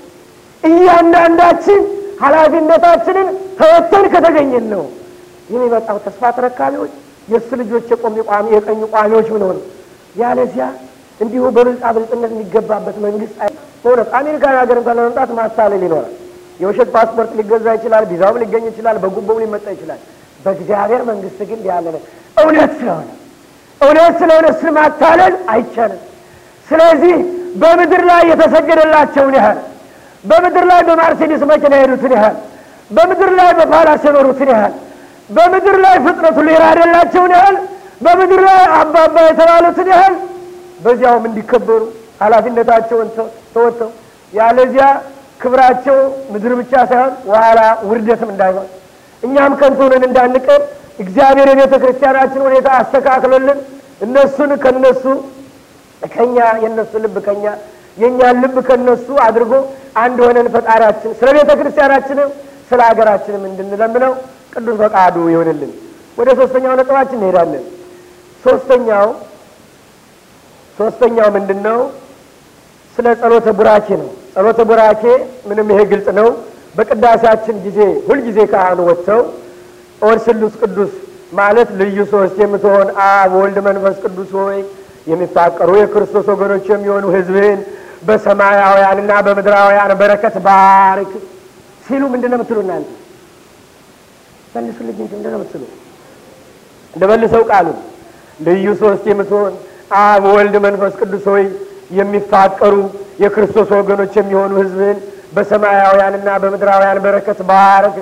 እያንዳንዳችን ኃላፊነታችንን ተወተን ከተገኘን ነው የሚመጣው። ተስፋ ተረካቢዎች የእሱ ልጆች የቆሚ ቋሚ የቀኙ ቋሚዎች ምንሆን ያለዚያ እንዲሁ በብልጣ ብልጥነት የሚገባበት መንግስት በእውነት አሜሪካን ሀገር እንኳን ለመምጣት ማታለል ይኖራል። የውሸት ፓስፖርት ሊገዛ ይችላል። ቢዛውም ሊገኝ ይችላል። በጉቦም ሊመጣ ይችላል። በእግዚአብሔር መንግስት ግን ያለ እውነት ስለሆነ እውነት ስለ እውነት ስማታለል አይቻልም። ስለዚህ በምድር ላይ የተሰገደላቸውን ያህል በምድር ላይ በማርሴዲስ መኪና የሄዱትን ያህል በምድር ላይ በፓላስ የኖሩትን ያህል በምድር ላይ ፍጥረቱ የራደላቸውን ያህል በምድር ላይ አባባ የተባሉትን ያህል በዚያውም እንዲከበሩ ኃላፊነታቸውን ተወጥተው ያለዚያ ክብራቸው ምድር ብቻ ሳይሆን ዋላ ውርደትም እንዳይሆን እኛም ከንቱንን እንዳንቀር እግዚአብሔር የቤተ ክርስቲያናችን ሁኔታ አስተካክሎልን እነሱን ከነሱ ከኛ የነሱ ልብ ከኛ የእኛን ልብ ከነሱ አድርጎ አንድ ሆነን ፈጣሪያችን ስለ ቤተ ክርስቲያናችንም ስለ ሀገራችንም እንድንለምነው ቅዱስ ፈቃዱ ይሆንልን። ወደ ሶስተኛው ነጥባችን እንሄዳለን። ሶስተኛው ሶስተኛው ምንድን ነው? ስለ ጸሎተ ቡራኬ ነው። ጸሎተ ቡራኬ ምንም ይሄ ግልጽ ነው። በቅዳሴያችን ጊዜ ሁልጊዜ ካህኑ ወጥተው ኦድ ስሉስ ቅዱስ ማለት ልዩ ሶስት የምትሆን አብ ወልድ መንፈስ ቅዱስ ሆይ የሚፋቀሩ የክርስቶስ ወገኖች የሚሆኑ ህዝብን በሰማያውያንና በምድራውያን በረከት ባርክ ሲሉ ምንድን ነው የምትሉ እናንተ? መልሱልኝ እንጂ ምንድን ነው የምትሉ? እንደ መልሰው ልዩ ሶስት የምትሆን አብ ወልድ መንፈስ ቅዱስ ሆይ የሚፋቀሩ የክርስቶስ ወገኖች የሚሆኑ ሕዝብህን በሰማያውያንና በምድራውያን በረከት ባርክ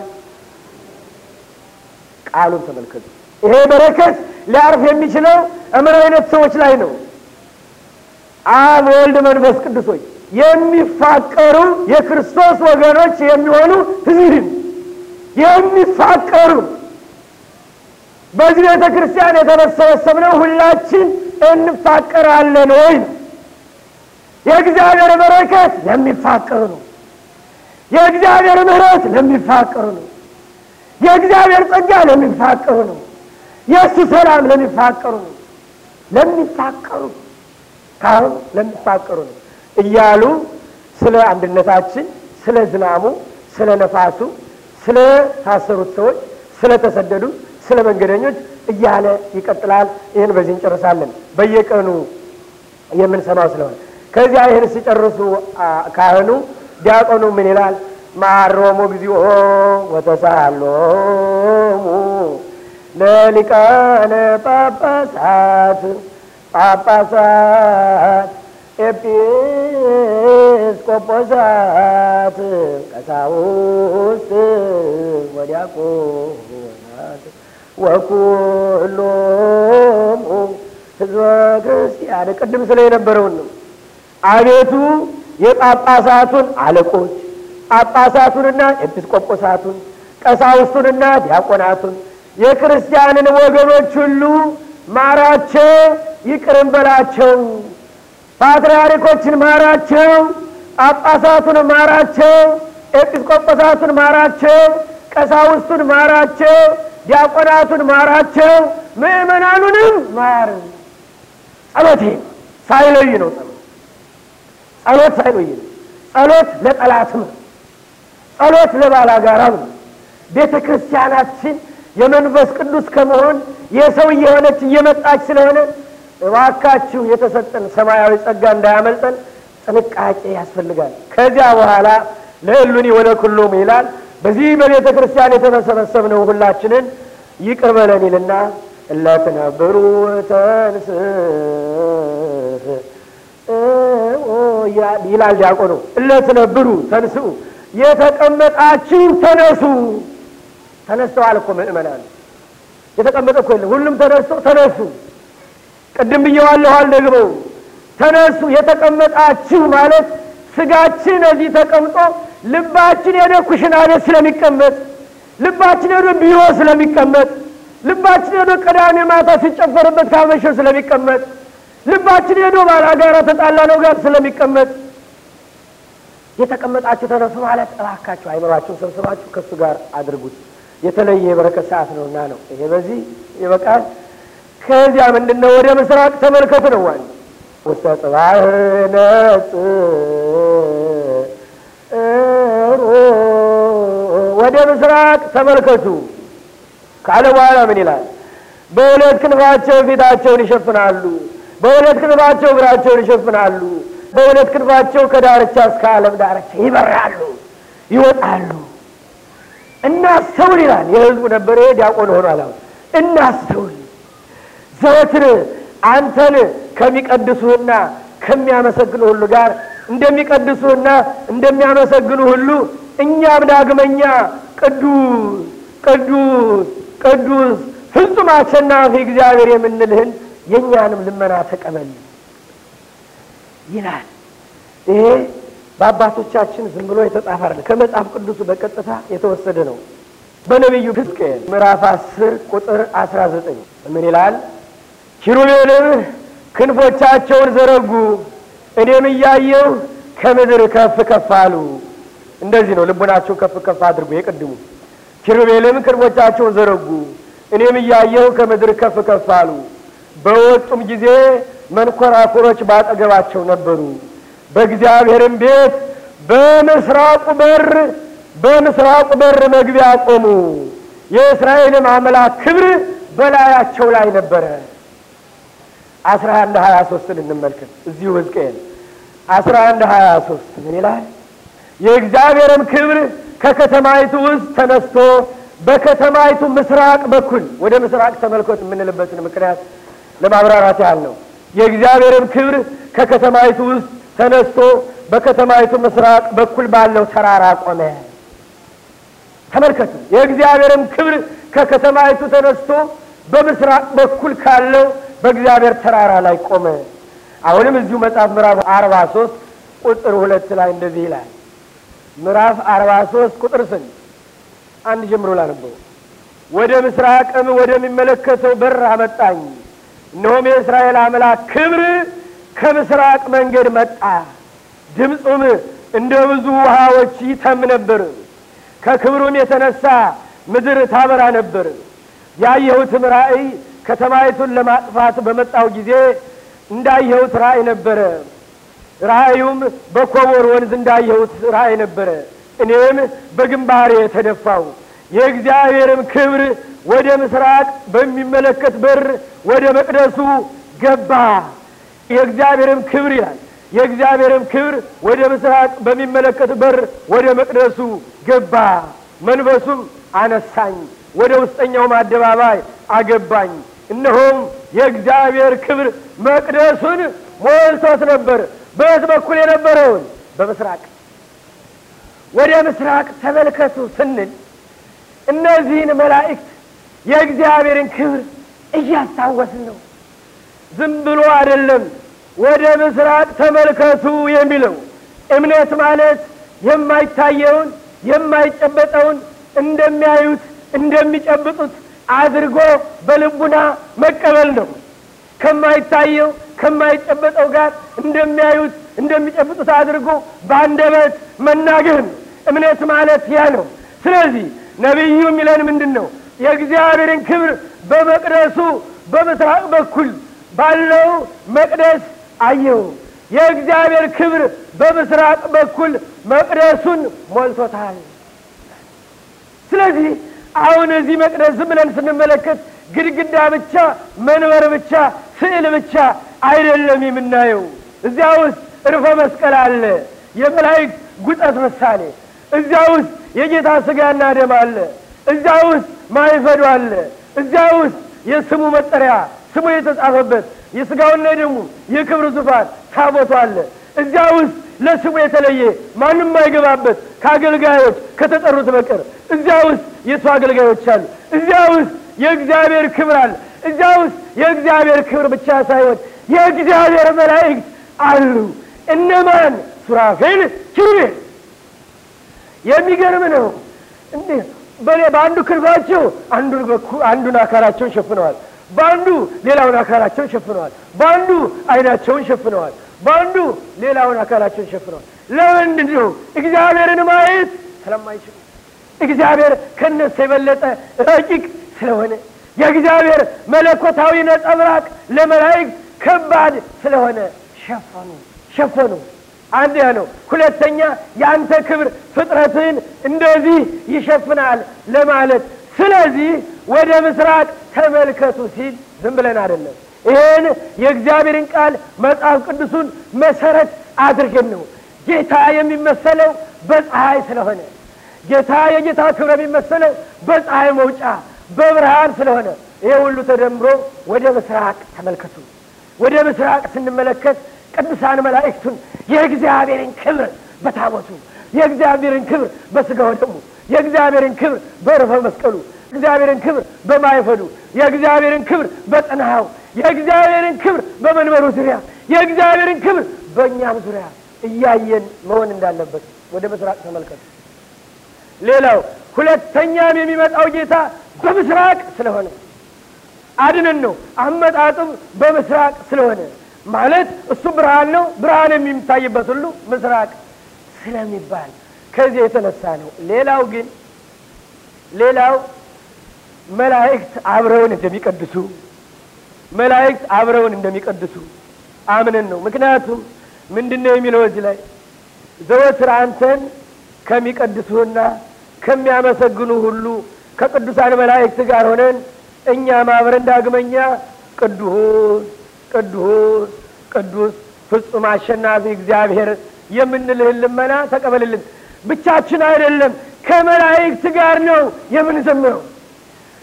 ቃሉን ተመልከቱ። ይሄ በረከት ሊያርፍ የሚችለው እምን አይነት ሰዎች ላይ ነው? አብ ወልድ፣ መንፈስ ቅዱሶች የሚፋቀሩ የክርስቶስ ወገኖች የሚሆኑ ሕዝብን የሚፋቀሩ በዚህ ቤተ ክርስቲያን የተሰበሰብነው ሁላችን እንፋቀራለን ወይ? የእግዚአብሔር በረከት ለሚፋቀሩ ነው። የእግዚአብሔር ምሕረት ለሚፋቀሩ ነው። የእግዚአብሔር ጸጋ ለሚፋቀሩ ነው። የእሱ ሰላም ለሚፋቀሩ ነው። ለሚፋቀሩ ካህኑ ለሚፋቀሩ ነው እያሉ ስለ አንድነታችን፣ ስለ ዝናቡ፣ ስለ ነፋሱ፣ ስለ ታሰሩት ሰዎች፣ ስለ ተሰደዱ፣ ስለ መንገደኞች እያለ ይቀጥላል። ይህን በዚህ እንጨርሳለን። በየቀኑ የምንሰማው ስለሆነ ከዚያ ይህን ሲጨርሱ ካህኑ ዲያቆኑ ምን ይላል? ማሮሙ እግዚኦ ወተሳሎሙ ለሊቃነ ጳጳሳት ጳጳሳት ኤጲስቆጶሳት ቀሳውስት ወዲያቆናት ወኩሎሙ ህዝበ ክርስቲያን ቅድም ስለ የነበረውን አቤቱ የጳጳሳቱን አለቆች ጳጳሳቱንና ኤጲስቆጶሳቱን፣ ቀሳውስቱንና ዲያቆናቱን፣ የክርስቲያንን ወገኖች ሁሉ ማራቸው፣ ይቅርም በላቸው። ፓትርያርኮችን ማራቸው፣ ጳጳሳቱን ማራቸው፣ ኤጲስቆጶሳቱን ማራቸው፣ ቀሳውስቱን ማራቸው፣ ዲያቆናቱን ማራቸው፣ ምእመናኑንም ማር። ጸሎቴ ሳይለይ ነው። ጸሎት ጸሎት ሳይለይ ነው። ጸሎት ለጠላትም ነው። ጸሎት ለባላጋራ ነው። ቤተ ክርስቲያናችን የመንፈስ ቅዱስ ከመሆን የሰው እየሆነች እየመጣች ስለሆነ እባካችሁ የተሰጠን ሰማያዊ ጸጋ እንዳያመልጠን ጥንቃቄ ያስፈልጋል። ከዚያ በኋላ ለእሉኒ ኩሉም ይላል። በዚህ በቤተ ክርስቲያን የተሰበሰብነው ሁላችንን ይቅር በለን ይልና እለትነበሩ ተንስ ይላል ዲያቆኑ እለትነብሩ ተንስኡ የተቀመጣችሁ ተነሱ። ተነስተዋል እኮ ምእመናን፣ የተቀመጠ እኮ የለም። ሁሉም ተነስቶ ተነሱ። ቅድም ብየዋለሁ፣ አልደግመው። ተነሱ የተቀመጣችሁ ማለት ስጋችን እዚህ ተቀምጦ ልባችን ሄዶ ኩሽና ቤት ስለሚቀመጥ፣ ልባችን ሄዶ ቢሮ ስለሚቀመጥ፣ ልባችን ሄደ ቅዳሜ ማታ ሲጨፈርበት ካመሸ ስለሚቀመጥ፣ ልባችን ሄዶ ባላጋራ ተጣላ ነው ጋር ስለሚቀመጥ የተቀመጣችሁ ተነሱ ማለት እባካችሁ አይምሯችሁን ሰብስባችሁ ከእሱ ጋር አድርጉት። የተለየ የበረከት ሰዓት ነውና ነው። ይሄ በዚህ ይበቃል። ከዚያ ምንድን ነው ወደ ምስራቅ ተመልከቱ ነው ዋን ውስተ ጽባህ ነጽ ወደ ምስራቅ ተመልከቱ ካለ በኋላ ምን ይላል? በሁለት ክንፋቸው ፊታቸውን ይሸፍናሉ፣ በሁለት ክንፋቸው እግራቸውን ይሸፍናሉ በእውነት ክንፋቸው ከዳርቻ እስከ ዓለም ዳርቻ ይበራሉ፣ ይወጣሉ። እናስተውል ይላል። የህዝቡ ነበረ ዲያቆን ሆኖ አላ እናስተውል ዘወትር አንተን ከሚቀድሱህና ከሚያመሰግኑ ሁሉ ጋር እንደሚቀድሱህና እንደሚያመሰግኑ ሁሉ እኛም ዳግመኛ ቅዱስ ቅዱስ ቅዱስ ፍጹም አሸናፊ እግዚአብሔር የምንልህን የእኛንም ልመና ተቀበል። ይላል። ይሄ በአባቶቻችን ዝም ብሎ የተጻፈ አይደለም። ከመጽሐፍ ቅዱሱ በቀጥታ የተወሰደ ነው። በነቢዩ ሕዝቅኤል ምዕራፍ አስር ቁጥር አስራ ዘጠኝ ምን ይላል? ኪሩቤልም ክንፎቻቸውን ዘረጉ፣ እኔም እያየው ከምድር ከፍ ከፍ አሉ። እንደዚህ ነው። ልቡናቸው ከፍ ከፍ አድርጉ። የቅድሙ ኪሩቤልም ክንፎቻቸውን ዘረጉ፣ እኔም እያየው ከምድር ከፍ ከፍ አሉ። በወጡም ጊዜ መንኮራኩሮች ባጠገባቸው ነበሩ። በእግዚአብሔርም ቤት በምስራቁ በር በምስራቁ በር መግቢያ ቆሙ። የእስራኤልም አምላክ ክብር በላያቸው ላይ ነበረ። አስራ አንድ ሀያ ሶስትን እንመልከት እዚሁ ሕዝቅኤል አስራ አንድ ሀያ ሶስት ምን ይላል? የእግዚአብሔርም ክብር ከከተማይቱ ውስጥ ተነስቶ በከተማይቱ ምስራቅ በኩል ወደ ምስራቅ ተመልኮት የምንልበትን ምክንያት ለማብራራት ያህል ነው። የእግዚአብሔርም ክብር ከከተማይቱ ውስጥ ተነስቶ በከተማይቱ ምስራቅ በኩል ባለው ተራራ ቆመ። ተመልከቱ። የእግዚአብሔርም ክብር ከከተማይቱ ተነስቶ በምስራቅ በኩል ካለው በእግዚአብሔር ተራራ ላይ ቆመ። አሁንም እዚሁ መጽሐፍ ምዕራፍ አርባ ሶስት ቁጥር ሁለት ላይ እንደዚህ ይላል። ምዕራፍ አርባ ሶስት ቁጥር ስን አንድ ጀምሮ ላነበው። ወደ ምስራቅም ወደሚመለከተው በር አመጣኝ እነሆም የእስራኤል አምላክ ክብር ከምስራቅ መንገድ መጣ፣ ድምፁም እንደ ብዙ ውሃዎች ይተም ነበር። ከክብሩም የተነሳ ምድር ታበራ ነበር። ያየሁትም ራእይ ከተማይቱን ለማጥፋት በመጣው ጊዜ እንዳየሁት ራእይ ነበረ። ራእዩም በኮቦር ወንዝ እንዳየሁት ራእይ ነበረ። እኔም በግንባሬ የተደፋው የእግዚአብሔርም ክብር ወደ ምስራቅ በሚመለከት በር ወደ መቅደሱ ገባ። የእግዚአብሔርም ክብር ይላል። የእግዚአብሔርም ክብር ወደ ምስራቅ በሚመለከት በር ወደ መቅደሱ ገባ። መንፈሱም አነሳኝ፣ ወደ ውስጠኛውም አደባባይ አገባኝ። እነሆም የእግዚአብሔር ክብር መቅደሱን ሞልቶት ነበር። በየት በኩል የነበረውን? በምስራቅ ወደ ምስራቅ ተመልከቱ ስንል እነዚህን መላእክት የእግዚአብሔርን ክብር እያስታወስን ነው። ዝም ብሎ አይደለም ወደ ምስራቅ ተመልከቱ የሚለው። እምነት ማለት የማይታየውን የማይጨበጠውን እንደሚያዩት እንደሚጨብጡት አድርጎ በልቡና መቀበል ነው። ከማይታየው ከማይጨበጠው ጋር እንደሚያዩት እንደሚጨብጡት አድርጎ በአንደበት መናገር ነው። እምነት ማለት ያ ነው። ስለዚህ ነቢዩ የሚለን ምንድን ነው? የእግዚአብሔርን ክብር በመቅደሱ በምስራቅ በኩል ባለው መቅደስ አየሁ። የእግዚአብሔር ክብር በምስራቅ በኩል መቅደሱን ሞልቶታል። ስለዚህ አሁን እዚህ መቅደስ ብለን ስንመለከት ግድግዳ ብቻ፣ መንበር ብቻ፣ ስዕል ብቻ አይደለም የምናየው። እዚያ ውስጥ እርፈ መስቀል አለ፣ የመላይክ ጉጠት ምሳሌ እዚያ ውስጥ የጌታ ስጋና ደም አለ። እዚያ ውስጥ ማይፈዱ አለ። እዚያ ውስጥ የስሙ መጠሪያ ስሙ የተጻፈበት የስጋውና የደሙ የክብር ዙፋን ታቦቱ አለ። እዚያ ውስጥ ለስሙ የተለየ ማንም ማይገባበት ከአገልጋዮች ከተጠሩት በቀር እዚያ ውስጥ የእሱ አገልጋዮች አሉ። እዚያ ውስጥ የእግዚአብሔር ክብር አለ። እዚያ ውስጥ የእግዚአብሔር ክብር ብቻ ሳይሆን የእግዚአብሔር መላእክት አሉ። እነማን? ሱራፌል፣ ኪሩቤል የሚገርም ነው። በአንዱ ክንፋቸው አንዱን አካላቸውን ሸፍነዋል፣ በአንዱ ሌላውን አካላቸውን ሸፍነዋል፣ በአንዱ አይናቸውን ሸፍነዋል፣ በአንዱ ሌላውን አካላቸውን ሸፍነዋል። ለምንድን ነው? እግዚአብሔርን ማየት ስለማይችሉ እግዚአብሔር ከነሱ የበለጠ ረቂቅ ስለሆነ የእግዚአብሔር መለኮታዊ ነጸብራቅ ለመላእክት ከባድ ስለሆነ ሸፈኑ ሸፈኑ። አንድ ነው። ሁለተኛ የአንተ ክብር ፍጥረትን እንደዚህ ይሸፍናል ለማለት ስለዚህ ወደ ምስራቅ ተመልከቱ ሲል ዝም ብለን አይደለም። ይህን የእግዚአብሔርን ቃል መጽሐፍ ቅዱሱን መሰረት አድርገን ነው። ጌታ የሚመሰለው በፀሐይ ስለሆነ ጌታ የጌታ ክብር የሚመሰለው በፀሐይ መውጫ በብርሃን ስለሆነ ይሄ ሁሉ ተደምሮ ወደ ምስራቅ ተመልከቱ። ወደ ምስራቅ ስንመለከት ቅዱሳን መላእክቱን የእግዚአብሔርን ክብር በታቦቱ የእግዚአብሔርን ክብር በስጋው ደሙ የእግዚአብሔርን ክብር በርፈ መስቀሉ እግዚአብሔርን ክብር በማይፈዱ የእግዚአብሔርን ክብር በጥናው የእግዚአብሔርን ክብር በመንበሩ ዙሪያ የእግዚአብሔርን ክብር በእኛም ዙሪያ እያየን መሆን እንዳለበት ወደ ምስራቅ ተመልከቱ። ሌላው ሁለተኛም የሚመጣው ጌታ በምስራቅ ስለሆነ አድነን ነው። አመጣጡም በምስራቅ ስለሆነ ማለት እሱ ብርሃን ነው። ብርሃን የሚታይበት ሁሉ ምስራቅ ስለሚባል ከዚህ የተነሳ ነው። ሌላው ግን ሌላው መላእክት አብረውን እንደሚቀድሱ መላእክት አብረውን እንደሚቀድሱ አምነን ነው። ምክንያቱም ምንድን ነው የሚለው እዚህ ላይ ዘወትር አንተን ከሚቀድሱና ከሚያመሰግኑ ሁሉ ከቅዱሳን መላእክት ጋር ሆነን እኛም ማብረን ዳግመኛ ቅዱስ ቅዱስ ቅዱስ ፍጹም አሸናፊ እግዚአብሔር የምንልህ ልመና ተቀበልልን። ብቻችን አይደለም፣ ከመላእክት ጋር ነው የምንዘምረው።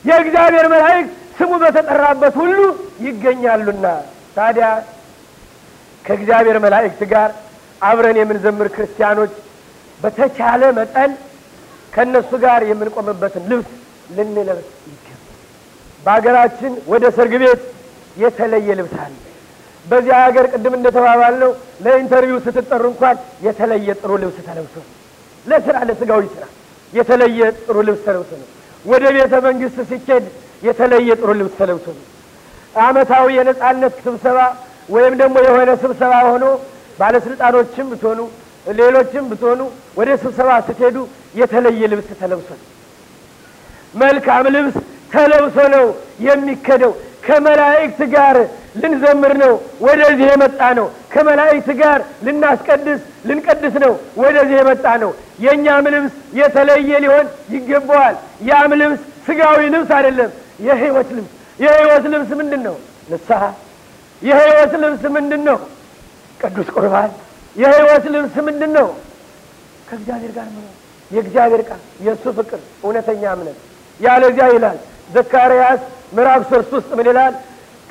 የእግዚአብሔር መላእክት ስሙ በተጠራበት ሁሉ ይገኛሉና፣ ታዲያ ከእግዚአብሔር መላእክት ጋር አብረን የምንዘምር ክርስቲያኖች በተቻለ መጠን ከእነሱ ጋር የምንቆምበትን ልብስ ልንለብስ ይገባል። በሀገራችን ወደ ሰርግ ቤት የተለየ ልብስ አለ። በዚያ ሀገር ቅድም እንደተባባልነው ለኢንተርቪው ስትጠሩ እንኳን የተለየ ጥሩ ልብስ ተለብሶ ነው። ለስራ ለስጋዊ ስራ የተለየ ጥሩ ልብስ ተለብሶ ነው። ወደ ቤተ መንግስት ሲኬድ የተለየ ጥሩ ልብስ ተለብሶ ነው። አመታዊ የነጻነት ስብሰባ ወይም ደግሞ የሆነ ስብሰባ ሆኖ ባለስልጣኖችም ብትሆኑ ሌሎችም ብትሆኑ ወደ ስብሰባ ስትሄዱ የተለየ ልብስ ተለብሶ ነው። መልካም ልብስ ተለብሶ ነው የሚከደው። ከመላእክት ጋር ልንዘምር ነው ወደዚህ የመጣ ነው። ከመላእክት ጋር ልናስቀድስ ልንቀድስ ነው ወደዚህ የመጣ ነው። የእኛም ልብስ የተለየ ሊሆን ይገባዋል። ያም ልብስ ስጋዊ ልብስ አይደለም፣ የህይወት ልብስ። የህይወት ልብስ ምንድን ነው? ንስሐ። የህይወት ልብስ ምንድን ነው? ቅዱስ ቁርባን። የህይወት ልብስ ምንድን ነው? ከእግዚአብሔር ጋር መኖር፣ የእግዚአብሔር ቃል፣ የእሱ ፍቅር፣ እውነተኛ እምነት። ያለዚያ ይላል ዘካርያስ ምዕራፍ ሶስት ውስጥ ምን ይላል?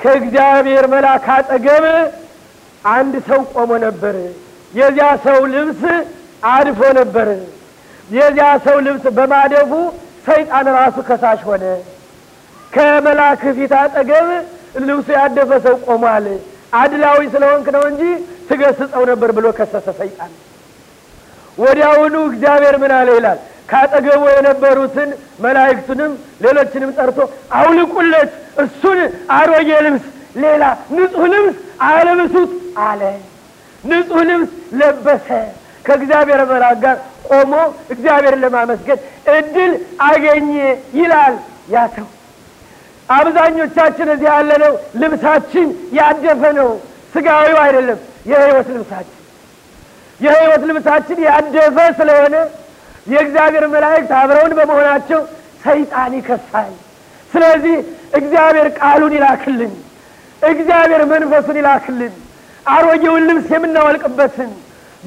ከእግዚአብሔር መልአክ አጠገብ አንድ ሰው ቆሞ ነበር። የዚያ ሰው ልብስ አድፎ ነበር። የዚያ ሰው ልብስ በማደፉ ሰይጣን ራሱ ከሳሽ ሆነ። ከመልአክ ፊት አጠገብ ልብሱ ያደፈ ሰው ቆሟል። አድላዊ ስለሆንክ ነው እንጂ ትገስጸው ነበር ብሎ ከሰሰ ሰይጣን። ወዲያውኑ እግዚአብሔር ምን አለ ይላል ካጠገቡ የነበሩትን መላእክቱንም ሌሎችንም ጠርቶ አውልቁለት፣ እሱን አሮጌ ልብስ ሌላ ንጹህ ልብስ አለብሱት አለ። ንጹህ ልብስ ለበሰ። ከእግዚአብሔር መልአክ ጋር ቆሞ እግዚአብሔርን ለማመስገን እድል አገኘ ይላል ያ ሰው። አብዛኞቻችን እዚህ ያለነው ልብሳችን ያደፈ ነው። ስጋዊው አይደለም፣ የህይወት ልብሳችን የህይወት ልብሳችን ያደፈ ስለሆነ የእግዚአብሔር መላእክት አብረውን በመሆናቸው ሰይጣን ይከሳል። ስለዚህ እግዚአብሔር ቃሉን ይላክልን፣ እግዚአብሔር መንፈሱን ይላክልን። አሮጌውን ልብስ የምናወልቅበትን፣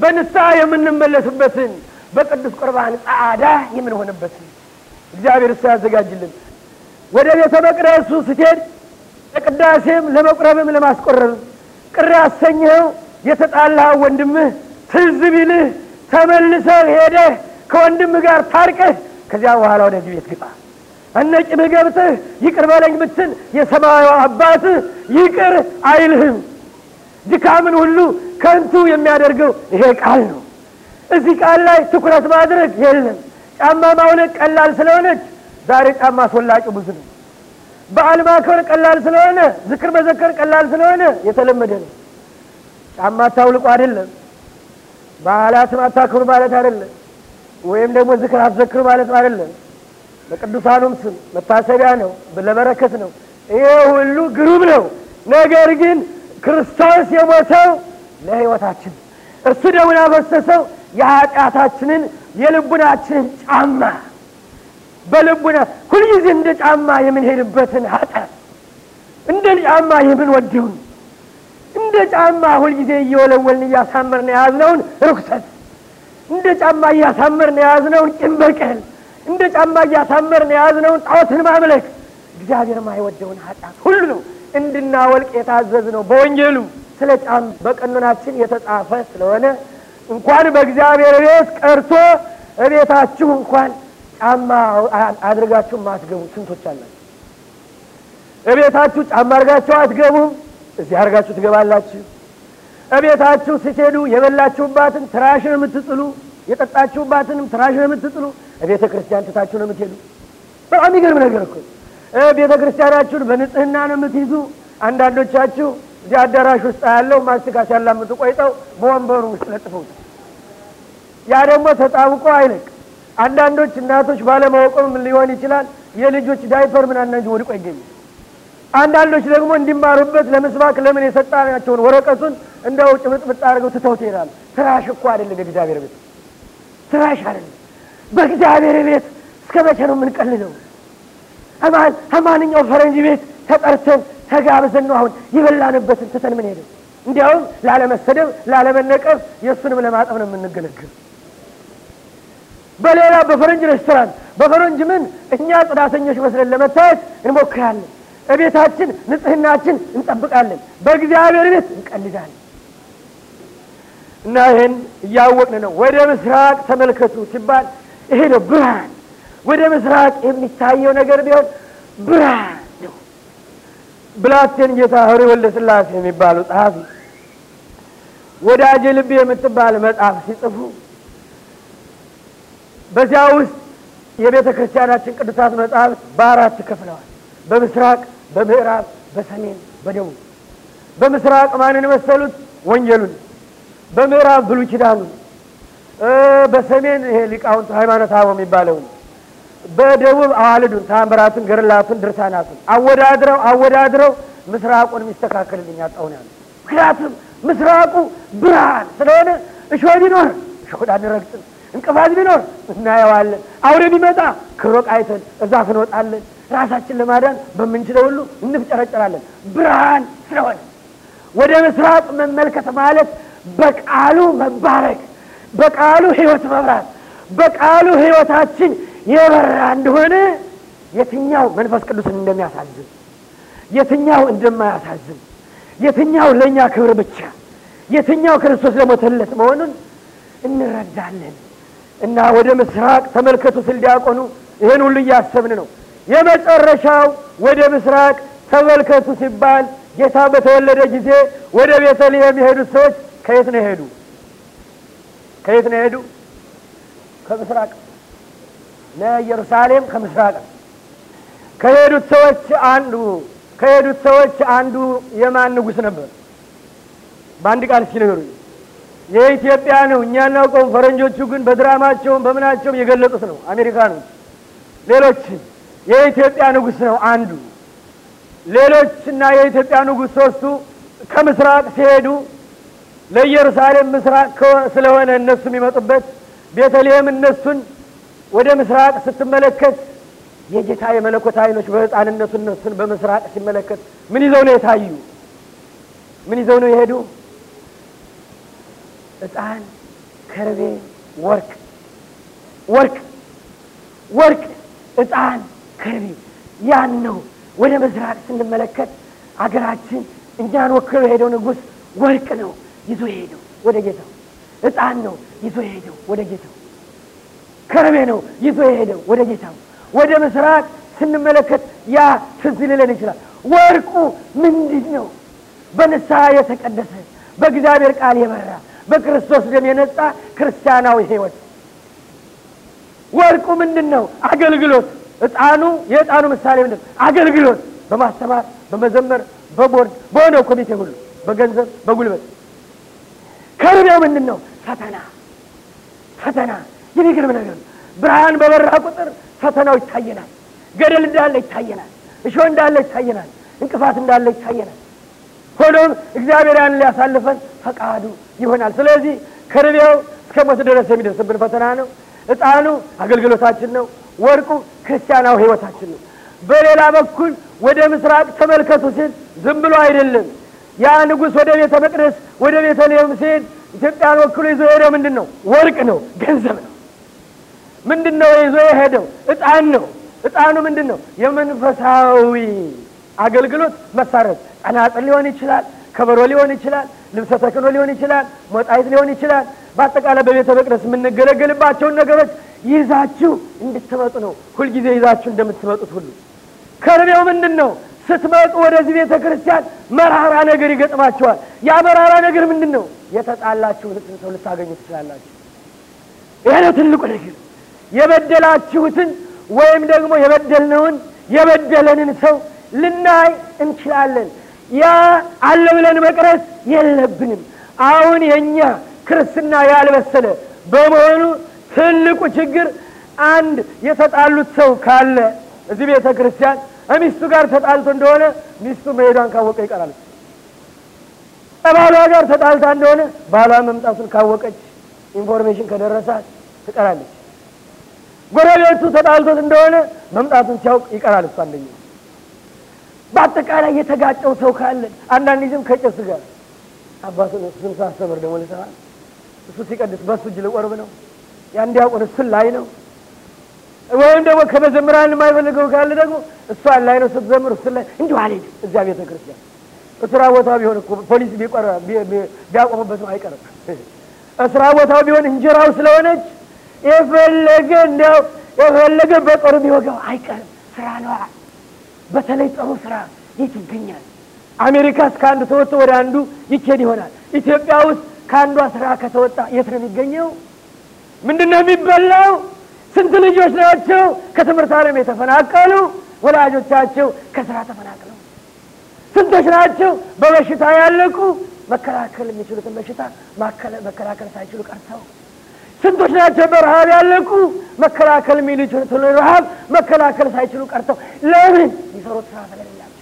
በንስሐ የምንመለስበትን፣ በቅዱስ ቁርባን ጻዕዳ የምንሆንበትን እግዚአብሔር እሱ ያዘጋጅልን። ወደ ቤተ መቅደሱ ስትሄድ ለቅዳሴም ለመቁረብም ለማስቆረብም ቅር ያሰኘኸው የተጣላ ወንድምህ ትዝ ቢልህ ተመልሰህ ሄደህ ከወንድም ጋር ታርቀህ ከዚያ በኋላ ወደዚህ ቤት ግባ። እነጭምህ ገብተህ ይቅር በለኝ ብትል የሰማዩ አባትህ ይቅር አይልህም። ድካምን ሁሉ ከንቱ የሚያደርገው ይሄ ቃል ነው። እዚህ ቃል ላይ ትኩረት ማድረግ የለም። ጫማ ማውለቅ ቀላል ስለሆነች ዛሬ ጫማ አስወላጩ ብዙ ነው። በዓል ማክበር ቀላል ስለሆነ፣ ዝክር መዘከር ቀላል ስለሆነ የተለመደ ነው። ጫማ አታውልቁ አይደለም፣ በዓላት አታክብሩ ማለት አይደለም። ወይም ደግሞ ዝክር አትዘክር ማለት አይደለም። በቅዱሳኑም ስም መታሰቢያ ነው፣ ለበረከት ነው። ይሄ ሁሉ ግሩም ነው። ነገር ግን ክርስቶስ የሞተው ለሕይወታችን እሱ ደሙን ያፈሰሰው የኃጢአታችንን የልቡናችንን ጫማ በልቡና ሁልጊዜ እንደ ጫማ የምንሄድበትን ኃጢአት እንደ ጫማ የምንወደውን እንደ ጫማ ሁልጊዜ እየወለወልን እያሳመርን የያዝነውን ርኩሰት እንደ ጫማ እያሳመርን የያዝነውን ቂም በቀል፣ እንደ ጫማ እያሳመርን የያዝነውን ጣዖትን ማምለክ እግዚአብሔር ማይወደውን ኃጢአት ሁሉ ነው እንድናወልቅ የታዘዝ ነው። በወንጌሉ ስለ ጫም በቀኖናችን የተጻፈ ስለሆነ እንኳን በእግዚአብሔር ቤት ቀርቶ እቤታችሁ እንኳን ጫማ አድርጋችሁ ማትገቡ ስንቶች አላችሁ? እቤታችሁ ጫማ አድርጋችሁ አትገቡም። እዚህ አድርጋችሁ ትገባላችሁ። እቤታችሁ ስትሄዱ የበላችሁባትን ትራሽ ነው የምትጥሉ፣ የጠጣችሁባትንም ትራሽ ነው የምትጥሉ። ቤተ ክርስቲያን ትታችሁ ነው የምትሄዱ። በጣም ይገርም ነገር እኮ ቤተ ክርስቲያናችሁን በንጽህና ነው የምትይዙ። አንዳንዶቻችሁ እዚህ አዳራሽ ውስጥ ያለው ማስቲካ ሲያላምጡ ቆይተው በወንበሩ ውስጥ ለጥፈውት፣ ያ ደግሞ ተጣብቆ አይለቅ። አንዳንዶች እናቶች ባለማወቅም ሊሆን ይችላል የልጆች ዳይፐር ምናምን ወድቆ ይገኛል። አንዳንዶች ደግሞ እንዲማሩበት ለምስባክ ለምን የሰጣናቸውን ወረቀቱን እንደው ጭብጥብጥ አድርገው ትተውት ይሄዳሉ። ስራሽ እኮ አይደለም የእግዚአብሔር ቤት ስራሽ አይደለም። በእግዚአብሔር ቤት እስከ መቼ ነው የምንቀልለው? ከማንኛው ፈረንጅ ቤት ተጠርተን ተጋብዘን ነው አሁን የበላንበትን ትተን ምን ሄደው። እንዲያውም ላለመሰደብ፣ ላለመነቀፍ የእሱንም ለማጠብ ነው የምንገለግል። በሌላ በፈረንጅ ሬስቶራንት በፈረንጅ ምን እኛ ጽዳተኞች መስለን ለመታየት እንሞክራለን። እቤታችን ንጽህናችን እንጠብቃለን፣ በእግዚአብሔር ቤት እንቀልዳለን። እና ይህን እያወቅን ነው ወደ ምስራቅ ተመልከቱ ሲባል ይሄ ነው ብርሃን። ወደ ምስራቅ የሚታየው ነገር ቢሆን ብርሃን ነው። ብላቴን ጌታ ህሪ ወልደ ስላሴ የሚባሉ ጸሐፊ ወዳጄ ልቤ የምትባል መጽሐፍ ሲጽፉ በዚያ ውስጥ የቤተ ክርስቲያናችን ቅዱሳት መጽሐፍት በአራት ከፍለዋል። በምስራቅ በምዕራብ በሰሜን በደቡብ በምስራቅ ማንን መሰሉት? ወንጌሉን በምዕራብ ብሉይ ኪዳኑን በሰሜን ይሄ ሊቃውንቱ ሃይማኖተ አበው የሚባለውን በደቡብ አዋልዱን፣ ታምራቱን፣ ገርላቱን፣ ድርሳናቱን አወዳድረው አወዳድረው ምስራቁን የሚስተካከልልኝ አጣሁን ያሉ። ምክንያቱም ምስራቁ ብርሃን ስለሆነ እሾህ ቢኖር እሾህ አንረግጥም፣ እንቅፋት ቢኖር እናየዋለን። አውሬ ቢመጣ ክሮቅ አይተን እዛ እንወጣለን። ራሳችን ለማዳን በምንችለው ሁሉ እንፍጨረጨራለን። ብርሃን ስለሆነ ወደ ምስራቅ መመልከት ማለት በቃሉ መባረክ፣ በቃሉ ህይወት መብራት፣ በቃሉ ህይወታችን የበራ እንደሆነ የትኛው መንፈስ ቅዱስን እንደሚያሳዝን፣ የትኛው እንደማያሳዝን፣ የትኛው ለእኛ ክብር ብቻ፣ የትኛው ክርስቶስ ለሞተለት መሆኑን እንረዳለን እና ወደ ምስራቅ ተመልከቱ ስል ዲያቆኑ ይህን ሁሉ እያሰብን ነው። የመጨረሻው ወደ ምስራቅ ተመልከቱ ሲባል ጌታ በተወለደ ጊዜ ወደ ቤተልሔም የሄዱት ሰዎች ከየት ነው የሄዱ? ከየት ነው የሄዱ? ከምስራቅ ለኢየሩሳሌም ከምስራቅ ከሄዱት ሰዎች አንዱ ከሄዱት ሰዎች አንዱ የማን ንጉስ ነበር? በአንድ ቃል እስኪ ንገሩኝ። የኢትዮጵያ ነው እኛ እናውቀውም። ፈረንጆቹ ግን በድራማቸውም በምናቸውም የገለጡት ነው። አሜሪካኖች ሌሎች የኢትዮጵያ ንጉስ ነው አንዱ። ሌሎችና የኢትዮጵያ ንጉስ ሶስቱ ከምስራቅ ሲሄዱ ለኢየሩሳሌም ምስራቅ ስለሆነ እነሱ የሚመጡበት ቤተልሔም እነሱን ወደ ምስራቅ ስትመለከት የጌታ የመለኮት አይኖች በህፃንነቱ እነሱን በምስራቅ ሲመለከት ምን ይዘው ነው የታዩ? ምን ይዘው ነው የሄዱ? ህፃን፣ ከርቤ፣ ወርቅ ወርቅ ወርቅ፣ ህፃን ከርቤ ያን ነው። ወደ ምሥራቅ ስንመለከት አገራችን እኛን ወክሎ የሄደው ንጉሥ ወርቅ ነው ይዞ የሄደው ወደ ጌታው፣ እጣን ነው ይዞ የሄደው ወደ ጌታው፣ ከርቤ ነው ይዞ የሄደው ወደ ጌታው። ወደ ምሥራቅ ስንመለከት ያ ትዝ ሊለን ይችላል። ወርቁ ምንድን ነው? በንሳ የተቀደሰ በእግዚአብሔር ቃል የበራ በክርስቶስ ደም የነጻ ክርስቲያናዊ ህይወት ወርቁ ምንድን ነው? አገልግሎት እጣኑ የእጣኑ ምሳሌ ምንድን አገልግሎት በማስተማር በመዘመር በቦርድ በሆነ ኮሚቴ ሁሉ በገንዘብ በጉልበት ከርቢያው ምንድን ነው ፈተና ፈተና የሚገርም ነገር ብርሃን በበራ ቁጥር ፈተናው ይታየናል ገደል እንዳለ ይታየናል እሾ እንዳለ ይታየናል እንቅፋት እንዳለ ይታየናል ሆኖም እግዚአብሔር ያን ሊያሳልፈን ፈቃዱ ይሆናል ስለዚህ ከርቢያው እስከ ሞት ድረስ የሚደርስብን ፈተና ነው እጣኑ አገልግሎታችን ነው ወርቁ ክርስቲያናዊ ህይወታችን ነው። በሌላ በኩል ወደ ምስራቅ ተመልከቱ ሲል ዝም ብሎ አይደለም። ያ ንጉሥ ወደ ቤተ መቅደስ ወደ ቤተልሔም ሲሄድ ኢትዮጵያን ወክሎ ይዞ የሄደው ምንድን ነው? ወርቅ ነው፣ ገንዘብ ነው። ምንድን ነው ይዞ የሄደው? እጣን ነው። እጣኑ ምንድን ነው? የመንፈሳዊ አገልግሎት መሳረት፣ ጸናጽል ሊሆን ይችላል፣ ከበሮ ሊሆን ይችላል፣ ልብሰ ተክኖ ሊሆን ይችላል፣ ሞጣይት ሊሆን ይችላል። በአጠቃላይ በቤተ መቅደስ የምንገለገልባቸውን ነገሮች ይዛችሁ እንድትመጡ ነው። ሁልጊዜ ይዛችሁ እንደምትመጡት ሁሉ ከርቤው ምንድን ነው? ስትመጡ ወደዚህ ቤተ ክርስቲያን መራራ ነገር ይገጥማችኋል። ያ መራራ ነገር ምንድን ነው? የተጣላችሁትን ሰው ልታገኙ ትችላላችሁ። ይሄ ነው ትልቁ ነገር። የበደላችሁትን ወይም ደግሞ የበደልነውን የበደለንን ሰው ልናይ እንችላለን። ያ አለ ብለን መቅረስ የለብንም። አሁን የእኛ ክርስትና ያልበሰለ በመሆኑ ትልቁ ችግር አንድ የተጣሉት ሰው ካለ እዚህ ቤተ ክርስቲያን ሚስቱ ጋር ተጣልቶ እንደሆነ ሚስቱ መሄዷን ካወቀ ይቀራል። ከባሏ ጋር ተጣልታ እንደሆነ ባሏ መምጣቱን ካወቀች ኢንፎርሜሽን ከደረሳት ትቀራለች። ጎረቤቱ ተጣልቶት እንደሆነ መምጣቱን ሲያውቅ ይቀራል። እሱ አንደኛ። በአጠቃላይ የተጋጨው ሰው ካለ አንዳንድ ጊዜም ከጭስ ጋር አባቱን እሱን ሳስተምር ደግሞ ልሰራ እሱ ሲቀድስ በእሱ እጅ ልቆርብ ነው ያን ዲያቆን እሱን ላይ ነው ወይም ደግሞ ከመዘምራን የማይፈልገው ካለ ደግሞ እሷን ላይ ነው ስትዘምር፣ እሱን ላይ እንዲሁ አልሄድ እዚያ ቤተ ክርስቲያን እስራ ቦታ ቢሆን እኮ ፖሊስ ቢያቆሙበት ነው አይቀርም። እስራ ቦታው ቢሆን እንጀራው ስለሆነች የፈለገ እንዲያው የፈለገ በጦር ቢወጋው አይቀርም። ስራ ነዋ። በተለይ ጥሩ ስራ የት ይገኛል? አሜሪካ ውስጥ ከአንዱ ተወጥቶ ወደ አንዱ ይኬድ ይሆናል። ኢትዮጵያ ውስጥ ከአንዷ ስራ ከተወጣ የት ነው የሚገኘው? ምንድነው የሚበላው? ስንት ልጆች ናቸው ከትምህርት ዓለም የተፈናቀሉ ወላጆቻቸው ከስራ ተፈናቅለው? ስንቶች ናቸው በበሽታ ያለቁ መከላከል የሚችሉትን በሽታ መከላከል ሳይችሉ ቀርተው? ስንቶች ናቸው በረሃብ ያለቁ መከላከል የሚችሉትን ረሃብ መከላከል ሳይችሉ ቀርተው? ለምን የሚሰሩት ስራ ስለሌላቸው።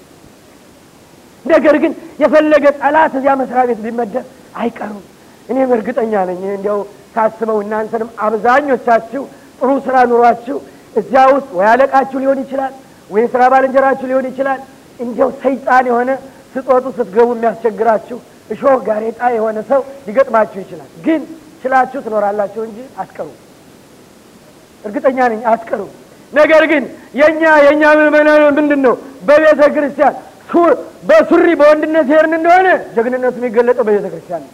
ነገር ግን የፈለገ ጠላት እዚያ መስሪያ ቤት ቢመደብ አይቀሩም። እኔም እርግጠኛ ነኝ እንዲያው ሳስበው እናንተንም አብዛኞቻችሁ ጥሩ ስራ ኑሯችሁ እዚያ ውስጥ ወይ አለቃችሁ ሊሆን ይችላል፣ ወይ ስራ ባልንጀራችሁ ሊሆን ይችላል። እንዲያው ሰይጣን የሆነ ስትወጡ ስትገቡ የሚያስቸግራችሁ እሾህ ጋሬጣ የሆነ ሰው ሊገጥማችሁ ይችላል። ግን ችላችሁ ትኖራላችሁ እንጂ አትቀሩ። እርግጠኛ ነኝ አትቀሩ። ነገር ግን የእኛ የእኛ ምዕመናን ምንድን ነው በቤተ ክርስቲያን በሱሪ በወንድነት ሄርን እንደሆነ ጀግንነቱ የሚገለጠው በቤተ ክርስቲያን ነው።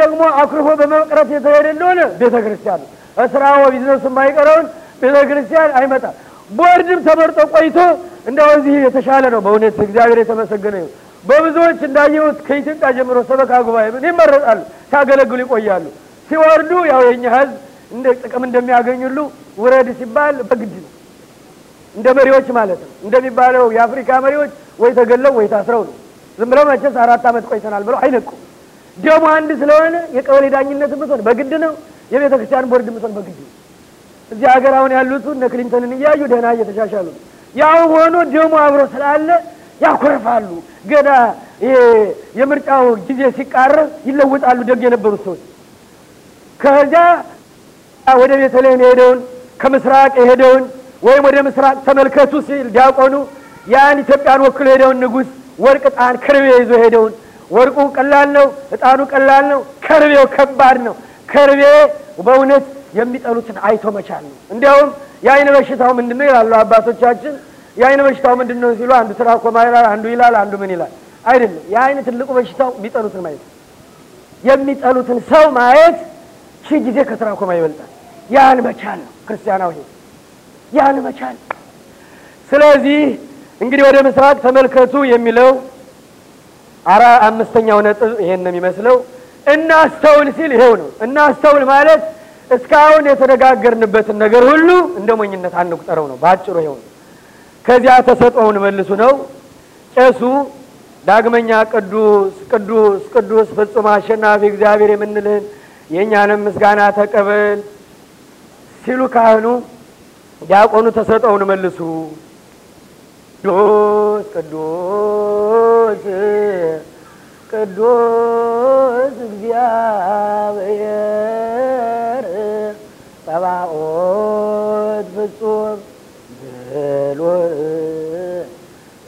ደግሞ አኩርፎ በመቅረት የተሄደለሆነ ቤተ ክርስቲያን ስራ ቢዝነሱ የማይቀረውን ቤተ ክርስቲያን አይመጣም። ቦርድም ተመርጦ ቆይቶ እንደው እዚህ የተሻለ ነው። በእውነት እግዚአብሔር የተመሰገነ ይሁን። በብዙዎች እንዳየሁት ከኢትዮጵያ ጀምሮ ሰበካ ጉባኤ ምን ይመረጣሉ፣ ሲያገለግሉ ይቆያሉ። ሲወርዱ ያው የኛ ህዝብ እንደ ጥቅም እንደሚያገኙሉ ውረድ ሲባል በግድ ነው። እንደ መሪዎች ማለት ነው እንደሚባለው የአፍሪካ መሪዎች ወይ ተገለው ወይ ታስረው ነው። ዝም ብለው መቼስ አራት ዓመት ቆይተናል ብለው አይነቁም። ደሞ አንድ ስለሆነ የቀበሌ ዳኝነት ምትሆን በግድ ነው። የቤተ ክርስቲያን ቦርድ ምትሆን በግድ ነው። እዚህ ሀገር አሁን ያሉት እነ ክሊንተንን እያዩ ደህና እየተሻሻሉ ያው ሆኖ ደሞ አብሮ ስላለ ያኮርፋሉ። ገና የምርጫው ጊዜ ሲቃረብ ይለውጣሉ። ደግ የነበሩት ሰዎች ከዚያ ወደ ቤተልሔም የሄደውን ከምስራቅ የሄደውን ወይም ወደ ምስራቅ ተመልከቱ ሲል ዲያቆኑ ያን ኢትዮጵያን ወክሎ ሄደውን ንጉሥ ወርቅ፣ ዕጣን፣ ክርቤ ይዞ ሄደውን ወርቁ ቀላል ነው፣ እጣኑ ቀላል ነው፣ ከርቤው ከባድ ነው። ከርቤ በእውነት የሚጠሉትን አይቶ መቻል ነው። እንዲያውም የአይን በሽታው ምንድን ነው ይላሉ አባቶቻችን። የአይን በሽታው ምንድን ነው ሲሉ አንዱ ትራኮማ ይላል፣ አንዱ ይላል፣ አንዱ ምን ይላል። አይደለም የአይን ትልቁ በሽታው የሚጠሉትን ማየት የሚጠሉትን ሰው ማየት ሺ ጊዜ ከትራኮማ ይበልጣል። ያን መቻል ነው ክርስቲያናዊ፣ ያን መቻል። ስለዚህ እንግዲህ ወደ ምስራቅ ተመልከቱ የሚለው አራ አምስተኛው ነጥብ ይሄን ነው የሚመስለው። እናስተውል ሲል ይሄው ነው። እናስተውል ማለት እስካሁን የተነጋገርንበትን ነገር ሁሉ እንደ ሞኝነት አንቁጠረው ነው በአጭሩ ይሄው ነው። ከዚያ ተሰጠውን መልሱ ነው። ቄሱ ዳግመኛ ቅዱስ ቅዱስ ቅዱስ ፍጹም አሸናፊ እግዚአብሔር የምንልህን የእኛንም ምስጋና ተቀበል ሲሉ ካህኑ ዲያቆኑ ተሰጠውን መልሱ ቅዱስ ቅዱስ ቅዱስ እግዚአብሔር ጸባኦት ፍጹም ብሎ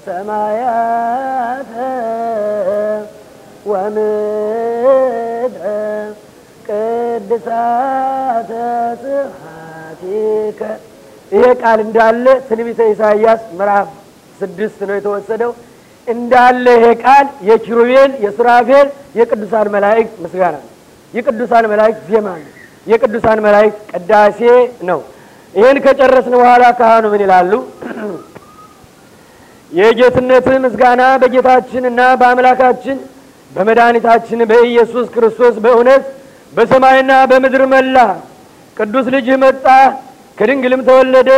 ሰማያተ ወምድረ ቅድሳተ ጽሐቲከ ይሄ ቃል እንዳለ ትንቢተ ምዕራፍ ስድስት ነው የተወሰደው እንዳለ ይሄ ቃል የኪሩቤል የሱራፌል የቅዱሳን መላእክት ምስጋና ነው። የቅዱሳን መላእክት ዜማ ነው። የቅዱሳን መላእክት ቅዳሴ ነው። ይህን ከጨረስን በኋላ ካህኑ ምን ይላሉ? የጌትነት ምስጋና በጌታችን እና በአምላካችን በመድኃኒታችን በኢየሱስ ክርስቶስ በእውነት በሰማይና በምድር መላ ቅዱስ ልጅ መጣ፣ ከድንግልም ተወለደ፣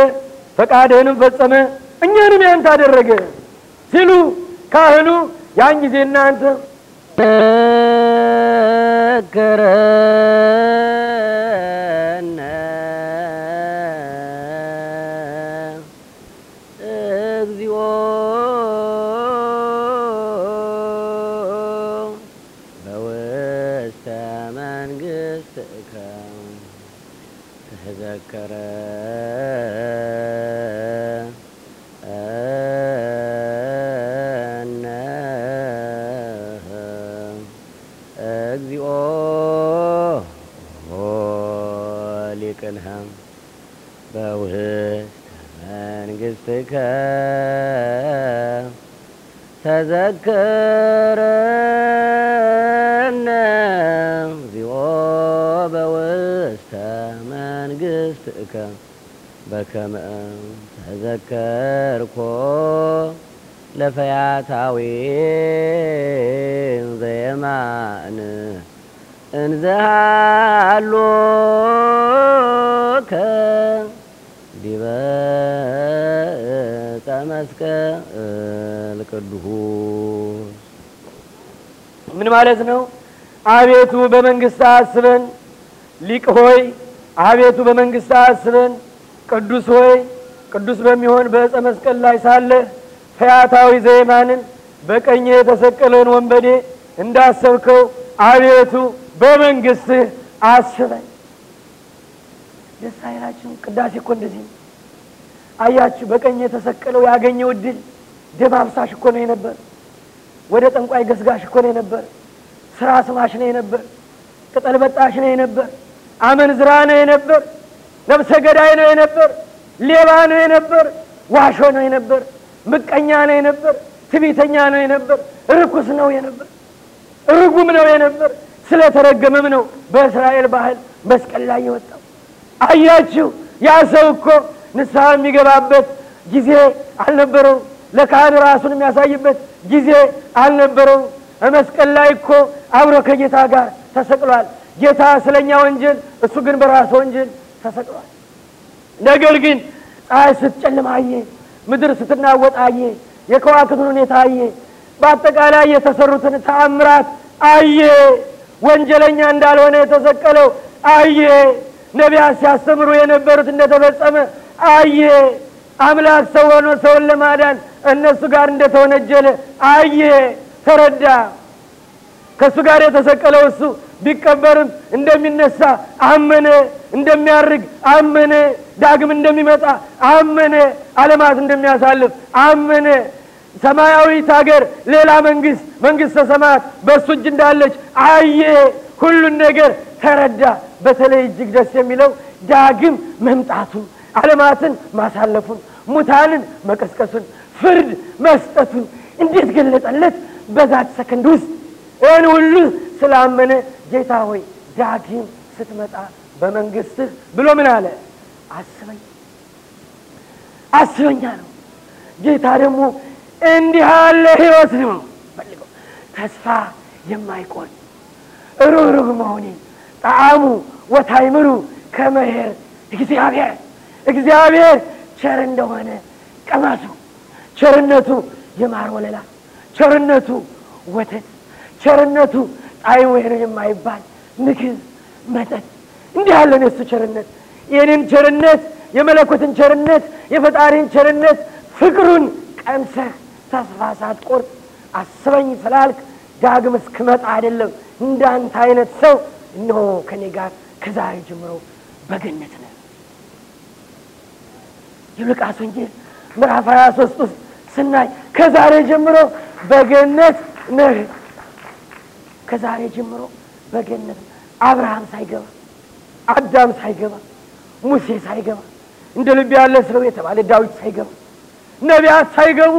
ፈቃድህንም ፈጸመ እኛንም ያንተ አደረገ ሲሉ ካህኑ ያን ጊዜ እናንተ ተከረ ማለት ነው። አቤቱ በመንግስት አስበን፣ ሊቅ ሆይ አቤቱ በመንግስት አስበን፣ ቅዱስ ሆይ ቅዱስ በሚሆን በእፀ መስቀል ላይ ሳለህ ፈያታዊ ዘይማንን በቀኝ የተሰቀለን ወንበዴ እንዳሰብከው አቤቱ በመንግስትህ አስበን። ደስ ቅዳሴ እኮ እንደዚህ ነው። አያችሁ፣ በቀኝ የተሰቀለው ያገኘው እድል ደም ሽኮነ እኮ ነው የነበር። ወደ ጠንቋይ ገስጋሽ እኮ ነው የነበር። ስራ ስባሽ ነው የነበር። ቅጠል በጣሽ የነበር አመን አመንዝራ ነው የነበር፣ ነብሰ ገዳይ ነው የነበር፣ ሌባ ነው የነበር ዋሾ ነው የነበር፣ ምቀኛ ነው የነበር፣ ትቢተኛ ነው የነበር ርኩስ ነው የነበር፣ ርጉም ነው የነበር። ስለተረገመም ነው በእስራኤል ባህል መስቀል ላይ የወጣው። አያችሁ፣ ያ ሰው እኮ ንስሐ የሚገባበት ጊዜ አልነበረው ለካህን ራሱን የሚያሳይበት ጊዜ አልነበረውም። በመስቀል ላይ እኮ አብሮ ከጌታ ጋር ተሰቅሏል። ጌታ ስለኛ ወንጀል፣ እሱ ግን በራሱ ወንጀል ተሰቅሏል። ነገር ግን ፀሐይ ስትጨልማየ አየ፣ ምድር ስትናወጥ አየ፣ የከዋክብትን ሁኔታ አየ፣ በአጠቃላይ የተሰሩትን ተአምራት አየ። ወንጀለኛ እንዳልሆነ የተሰቀለው አየ። ነቢያት ሲያስተምሩ የነበሩት እንደተፈጸመ አየ። አምላክ ሰው ሆኖ ሰውን ለማዳን እነሱ ጋር እንደተወነጀለ አየ። ተረዳ። ከእሱ ጋር የተሰቀለው እሱ ቢቀበርም እንደሚነሳ አመነ፣ እንደሚያርግ አመነ፣ ዳግም እንደሚመጣ አመነ፣ ዓለማት እንደሚያሳልፍ አመነ። ሰማያዊት ሀገር፣ ሌላ መንግስት፣ መንግስተ ሰማያት በእሱ እጅ እንዳለች አየ። ሁሉን ነገር ተረዳ። በተለይ እጅግ ደስ የሚለው ዳግም መምጣቱን፣ ዓለማትን ማሳለፉን፣ ሙታንን መቀስቀሱን፣ ፍርድ መስጠቱን እንዴት ገለጠለት! በዛች ሰከንድ ውስጥ እን ሁሉ ስላመነ ጌታ ሆይ ዳግም ስትመጣ በመንግስትህ ብሎ ምን አለ? አስበኝ አስበኛ ነው። ጌታ ደግሞ እንዲህ ያለ ህይወት ነው ፈልገው ተስፋ የማይቆል ሩህሩህ መሆኔ ጣዕሙ ወታይምሩ ከመሄር እግዚአብሔር እግዚአብሔር ቸር እንደሆነ ቀመሱ ቸርነቱ የማር ወለላ ቸርነቱ ወተት፣ ቸርነቱ ጣይ ወይን የማይባል ምግብ መጠጥ እንዲህ ያለን የእሱ ቸርነት የእኔን ቸርነት የመለኮትን ቸርነት የፈጣሪን ቸርነት ፍቅሩን ቀምሰህ ተስፋ ሳትቆርጥ አስበኝ ስላልክ ዳግም እስክመጣ አይደለም እንዳንተ አይነት ሰው እነሆ ከኔ ጋር ከዛሬ ጀምሮ በገነት ነ የሉቃስ ወንጌል ምዕራፍ ሶስት ውስጥ ስናይ ከዛሬ ጀምሮ በገነት ነህ። ከዛሬ ጀምሮ በገነት አብርሃም ሳይገባ አዳም ሳይገባ ሙሴ ሳይገባ እንደ ልብ ያለ ሰው የተባለ ዳዊት ሳይገባ ነቢያት ሳይገቡ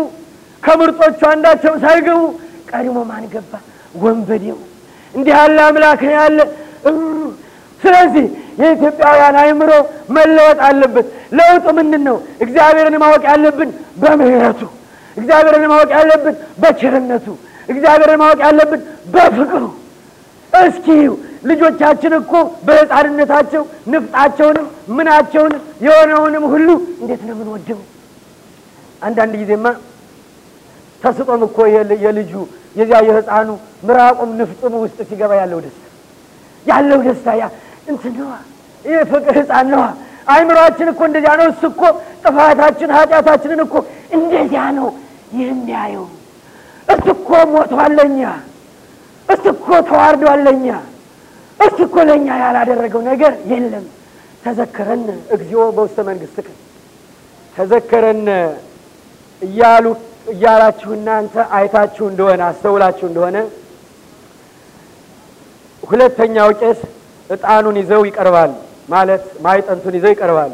ከምርጦቹ አንዳቸው ሳይገቡ ቀድሞ ማን ገባ? ወንበዴው። እንዲህ ያለ አምላክ ነው ያለ። ስለዚህ የኢትዮጵያውያን አእምሮ መለወጥ አለበት። ለውጡ ምንድን ነው? እግዚአብሔርን ማወቅ ያለብን በምህረቱ እግዚአብሔርን ማወቅ ያለብን በቸርነቱ፣ እግዚአብሔርን ማወቅ ያለብን በፍቅሩ። እስኪ ልጆቻችን እኮ በሕፃንነታቸው ንፍጣቸውንም ምናቸውንም የሆነውንም ሁሉ እንዴት ነው የምንወደው? አንዳንድ ጊዜማ ተስጦም እኮ የልጁ የዚያ የሕፃኑ ምራቁም ንፍጡም ውስጥ ሲገባ ያለው ደስታ ያለው ደስታ ያ እንትን ነዋ፣ ይህ ፍቅር ሕፃን ነዋ። አይምሯችን እኮ እንደዚያ ነው። እሱ እኮ ጥፋታችን ኃጢአታችንን እኮ እንደዚያ ነው የሚያየው ያየው እሱ እኮ ሞቷለኛ፣ እሱ እኮ ተዋርዷለኛ፣ እሱ እኮ ለእኛ ያላደረገው ነገር የለም። ተዘከረን እግዚኦ በውስተ መንግሥትከ ተዘከረን እያሉ እያላችሁ እናንተ አይታችሁ እንደሆነ አስተውላችሁ እንደሆነ ሁለተኛው ቄስ እጣኑን ይዘው ይቀርባሉ። ማለት ማይጠንቱን ይዘው ይቀርባሉ።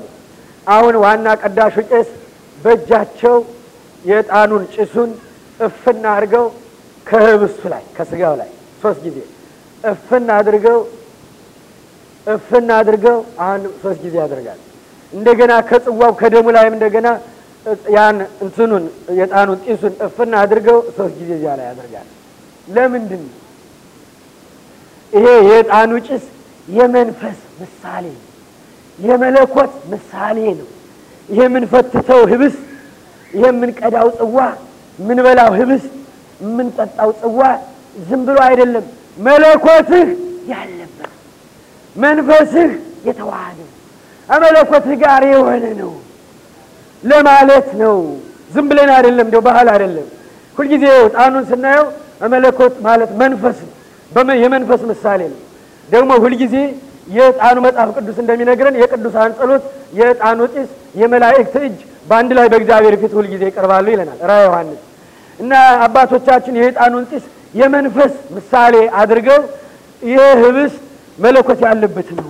አሁን ዋና ቀዳሹ ቄስ በእጃቸው የዕጣኑን ጭሱን እፍና አድርገው ከህብስቱ ላይ ከስጋው ላይ ሶስት ጊዜ እፍና አድርገው እፍና አድርገው አሁን ሶስት ጊዜ ያደርጋል። እንደገና ከጽዋው ከደሙ ላይም እንደገና ያን እንትኑን የዕጣኑን ጢሱን እፍና አድርገው ሶስት ጊዜ እዚያ ላይ ያደርጋል። ለምንድን ነው ይሄ የዕጣኑ ጭስ የመንፈስ ምሳሌ ነው። የመለኮት ምሳሌ ነው። ይሄ የምንፈትተው ህብስ የምንቀዳው ጽዋ፣ የምንበላው ህብስት፣ የምንጠጣው ጽዋ ዝም ብሎ አይደለም። መለኮትህ ያለበት መንፈስህ የተዋሃደ ከመለኮትህ ጋር የሆነ ነው ለማለት ነው። ዝም ብለን አይደለም፣ እንደው ባህል አይደለም። ሁልጊዜ ጣኑን ስናየው መለኮት ማለት መንፈስ የመንፈስ ምሳሌ ነው። ደግሞ ሁልጊዜ የዕጣኑ መጽሐፍ ቅዱስ እንደሚነግረን የቅዱሳን ጸሎት፣ የዕጣኑ ጢስ፣ የመላእክት እጅ በአንድ ላይ በእግዚአብሔር ፊት ሁልጊዜ ይቀርባሉ ይለናል ራ ዮሐንስ። እና አባቶቻችን የዕጣኑን ጢስ የመንፈስ ምሳሌ አድርገው ይሄ ህብስ መለኮት ያለበት ነው፣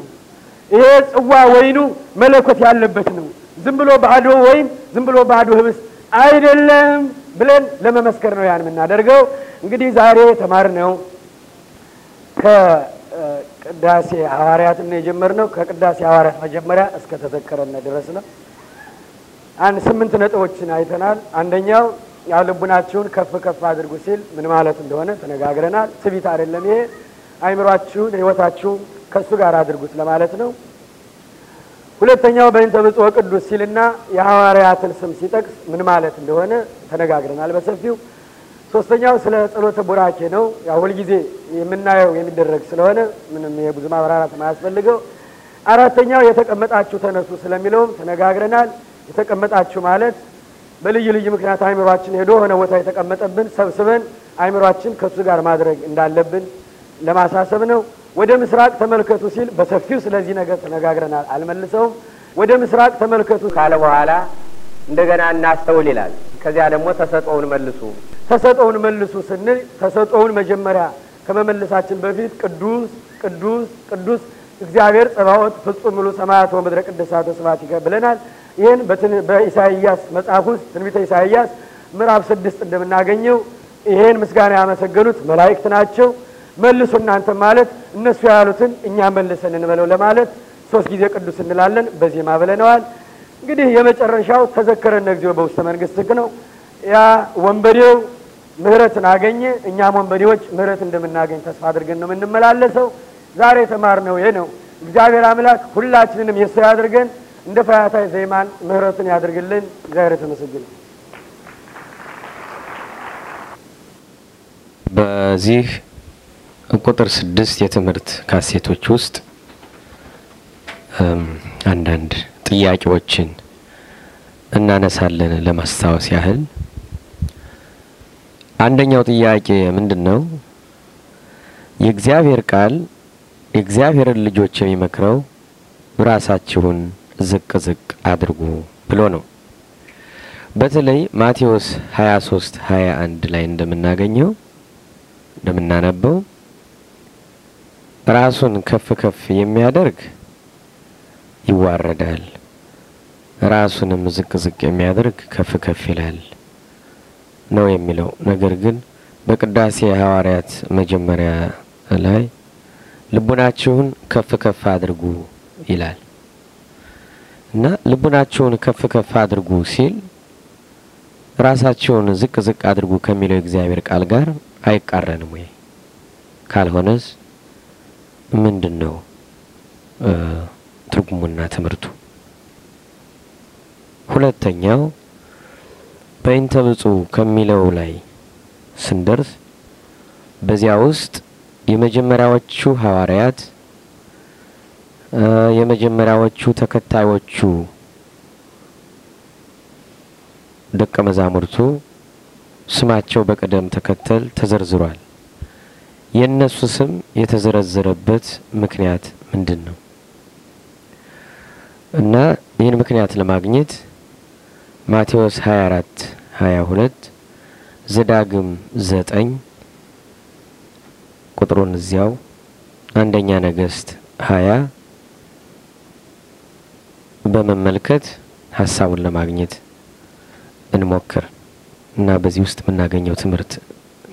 ይሄ ጽዋ ወይኑ መለኮት ያለበት ነው፣ ዝም ብሎ ባዶ ወይን ዝም ብሎ ባዶ ህብስ አይደለም ብለን ለመመስከር ነው ያን የምናደርገው። እንግዲህ ዛሬ ነው ከቅዳሴ ሐዋርያት ነው ነው ከቅዳሴ ሐዋርያት መጀመሪያ እስከ ተዘከረነ ድረስ ነው። አንድ ስምንት ነጥቦችን አይተናል። አንደኛው ያው ልቡናችሁን ከፍ ከፍ አድርጉ ሲል ምን ማለት እንደሆነ ተነጋግረናል። ትቢት አይደለም ይሄ፣ አይምሯችሁን ህይወታችሁን ከእሱ ጋር አድርጉት ለማለት ነው። ሁለተኛው በእንተ ብፁዕ ቅዱስ ሲልና የሐዋርያትን ስም ሲጠቅስ ምን ማለት እንደሆነ ተነጋግረናል በሰፊው። ሶስተኛው ስለ ጸሎተ ቡራኬ ነው። ያው ሁልጊዜ የምናየው የሚደረግ ስለሆነ ምንም የብዙ ማብራራት ማያስፈልገው። አራተኛው የተቀመጣችሁ ተነሱ ስለሚለውም ተነጋግረናል። የተቀመጣችሁ ማለት በልዩ ልዩ ምክንያት አይምሯችን ሄዶ ሆነ ቦታ የተቀመጠብን ሰብስበን አይምሯችን ከእሱ ጋር ማድረግ እንዳለብን ለማሳሰብ ነው። ወደ ምስራቅ ተመልከቱ ሲል በሰፊው ስለዚህ ነገር ተነጋግረናል፣ አልመልሰውም። ወደ ምስራቅ ተመልከቱ ካለ በኋላ እንደገና እናስተውል ይላል። ከዚያ ደግሞ ተሰጠውን መልሱ። ተሰጠውን መልሱ ስንል ተሰጠውን መጀመሪያ ከመመለሳችን በፊት ቅዱስ ቅዱስ ቅዱስ እግዚአብሔር ጸባኦት ፍጹም ሙሉ ሰማያት ወምድረ ቅድሳት ስብሐት ይከ ብለናል። ይህን በኢሳይያስ መጽሐፍ ውስጥ ትንቢተ ኢሳይያስ ምዕራፍ ስድስት እንደምናገኘው ይሄን ምስጋና ያመሰገኑት መላእክት ናቸው። መልሱ እናንተ ማለት እነሱ ያሉትን እኛ መልሰን እንበለው ለማለት ሶስት ጊዜ ቅዱስ እንላለን። በዜማ ብለነዋል። እንግዲህ የመጨረሻው ተዘከረነ እግዚኦ በውስተ መንግስትህ ነው። ያ ወንበዴው ምህረትን አገኘ። እኛም ወንበዴዎች ምህረት እንደምናገኝ ተስፋ አድርገን ነው የምንመላለሰው። ዛሬ የተማርነው ይህ ነው። እግዚአብሔር አምላክ ሁላችንንም የሰው ያድርገን። እንደ ፈያታዊ ዘይማን ምህረቱን ያድርግልን። እግዚአብሔር ተመሰግን። በዚህ ቁጥር ስድስት የትምህርት ካሴቶች ውስጥ አንዳንድ ጥያቄዎችን እናነሳለን ለማስታወስ ያህል። አንደኛው ጥያቄ ምንድን ነው? የእግዚአብሔር ቃል የእግዚአብሔርን ልጆች የሚመክረው ራሳችሁን ዝቅ ዝቅ አድርጉ ብሎ ነው። በተለይ ማቴዎስ 23 21 ላይ እንደምናገኘው እንደምናነበው ራሱን ከፍ ከፍ የሚያደርግ ይዋረዳል፣ ራሱንም ዝቅ ዝቅ የሚያደርግ ከፍ ከፍ ይላል ነው የሚለው። ነገር ግን በቅዳሴ ሐዋርያት መጀመሪያ ላይ ልቡናችሁን ከፍ ከፍ አድርጉ ይላል። እና ልቡናቸውን ከፍ ከፍ አድርጉ ሲል ራሳቸውን ዝቅ ዝቅ አድርጉ ከሚለው የእግዚአብሔር ቃል ጋር አይቃረንም ወይ? ካልሆነስ ምንድን ነው ትርጉሙና ትምህርቱ? ሁለተኛው በኢንተ ብፁዕ ከሚለው ላይ ስንደርስ በዚያ ውስጥ የመጀመሪያዎቹ ሐዋርያት የመጀመሪያዎቹ ተከታዮቹ ደቀ መዛሙርቱ ስማቸው በቅደም ተከተል ተዘርዝሯል። የእነሱ ስም የተዘረዘረበት ምክንያት ምንድን ነው? እና ይህን ምክንያት ለማግኘት ማቴዎስ 24 22 ዘዳግም 9 ቁጥሩን እዚያው አንደኛ ነገስት 20 በመመልከት ሀሳቡን ለማግኘት እንሞክር እና በዚህ ውስጥ የምናገኘው ትምህርት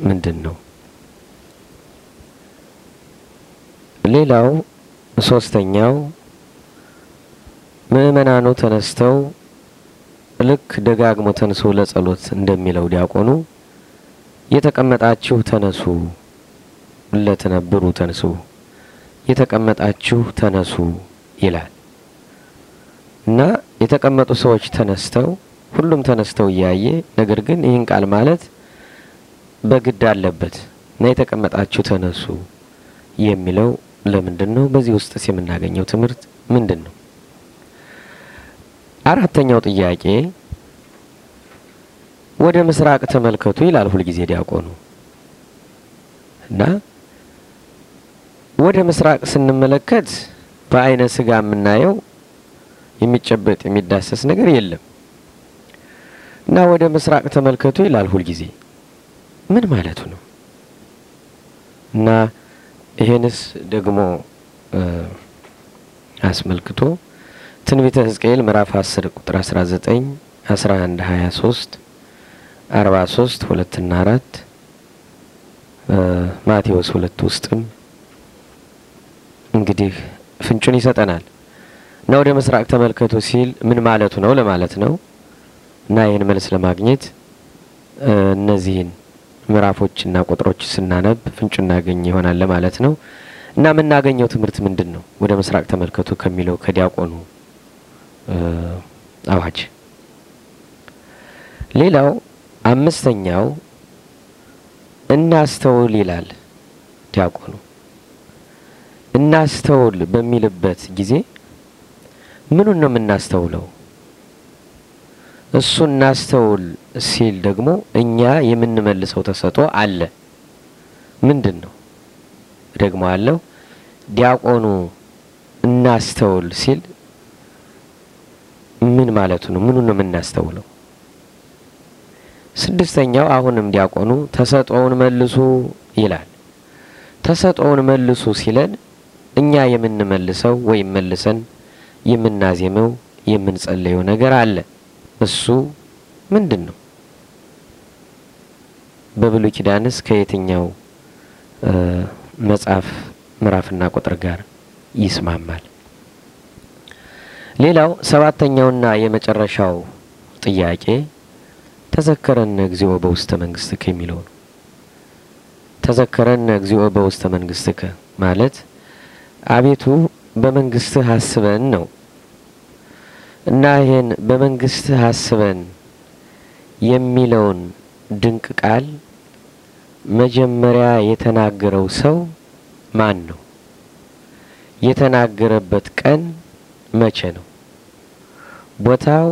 ምንድን ነው? ሌላው ሶስተኛው ምእመናኑ ተነስተው ልክ ደጋግሞ ተንሶ ለጸሎት እንደሚለው ዲያቆኑ የተቀመጣችሁ ተነሱ ለትነብሩ ተንሱ የተቀመጣችሁ ተነሱ ይላል። እና የተቀመጡ ሰዎች ተነስተው ሁሉም ተነስተው እያየ ነገር ግን ይህን ቃል ማለት በግድ አለበት እና የተቀመጣችሁ ተነሱ የሚለው ለምንድን ነው? በዚህ ውስጥስ የምናገኘው ትምህርት ምንድን ነው? አራተኛው ጥያቄ ወደ ምስራቅ ተመልከቱ ይላል ሁልጊዜ ዲያቆኑ እና ወደ ምስራቅ ስንመለከት በአይነ ስጋ የምናየው የሚጨበጥ የሚዳሰስ ነገር የለም እና ወደ ምስራቅ ተመልከቱ ይላል ሁልጊዜ። ምን ማለቱ ነው? እና ይሄንስ ደግሞ አስመልክቶ ትንቢተ ህዝቅኤል ምዕራፍ 10 ቁጥር 19፣ 11፣ 23፣ 43 2 ሁለትና 4 ማቴዎስ 2 ውስጥም እንግዲህ ፍንጩን ይሰጠናል። እና ወደ ምስራቅ ተመልከቱ ሲል ምን ማለቱ ነው ለማለት ነው። እና ይህን መልስ ለማግኘት እነዚህን ምዕራፎችና ቁጥሮች ስናነብ ፍንጩ እናገኝ ይሆናል ለማለት ነው። እና የምናገኘው ትምህርት ምንድን ነው? ወደ ምስራቅ ተመልከቱ ከሚለው ከዲያቆኑ አዋጅ ሌላው አምስተኛው እናስተውል ይላል ዲያቆኑ። እናስተውል በሚልበት ጊዜ ምኑን ነው የምናስተውለው? እሱ እናስተውል ሲል ደግሞ እኛ የምንመልሰው ተሰጦ አለ። ምንድን ነው ደግሞ አለው ዲያቆኑ እናስተውል ሲል ምን ማለቱ ነው? ምኑን ነው የምናስተውለው? ስድስተኛው አሁንም ዲያቆኑ ተሰጦውን መልሱ ይላል። ተሰጦውን መልሱ ሲለን እኛ የምንመልሰው ወይም መልሰን የምናዜመው የምንጸለየው ነገር አለ። እሱ ምንድን ነው? በብሉይ ኪዳንስ ከየትኛው መጽሐፍ ምዕራፍና ቁጥር ጋር ይስማማል? ሌላው ሰባተኛውና የመጨረሻው ጥያቄ ተዘከረነ እግዚኦ በውስተ መንግስትከ የሚለው ነው። ተዘከረነ እግዚኦ በውስተ መንግስትከ ማለት አቤቱ በመንግስትህ አስበን ነው እና ይህን በመንግስት አስበን የሚለውን ድንቅ ቃል መጀመሪያ የተናገረው ሰው ማን ነው? የተናገረበት ቀን መቼ ነው? ቦታው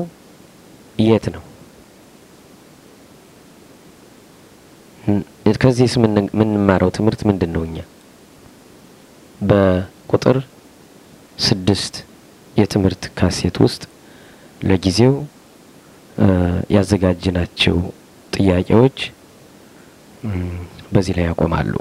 የት ነው? ከዚህስ የምንማረው ትምህርት ምንድን ነው? እኛ በቁጥር ስድስት የትምህርት ካሴት ውስጥ ለጊዜው ያዘጋጅናቸው ጥያቄዎች በዚህ ላይ ያቆማሉ።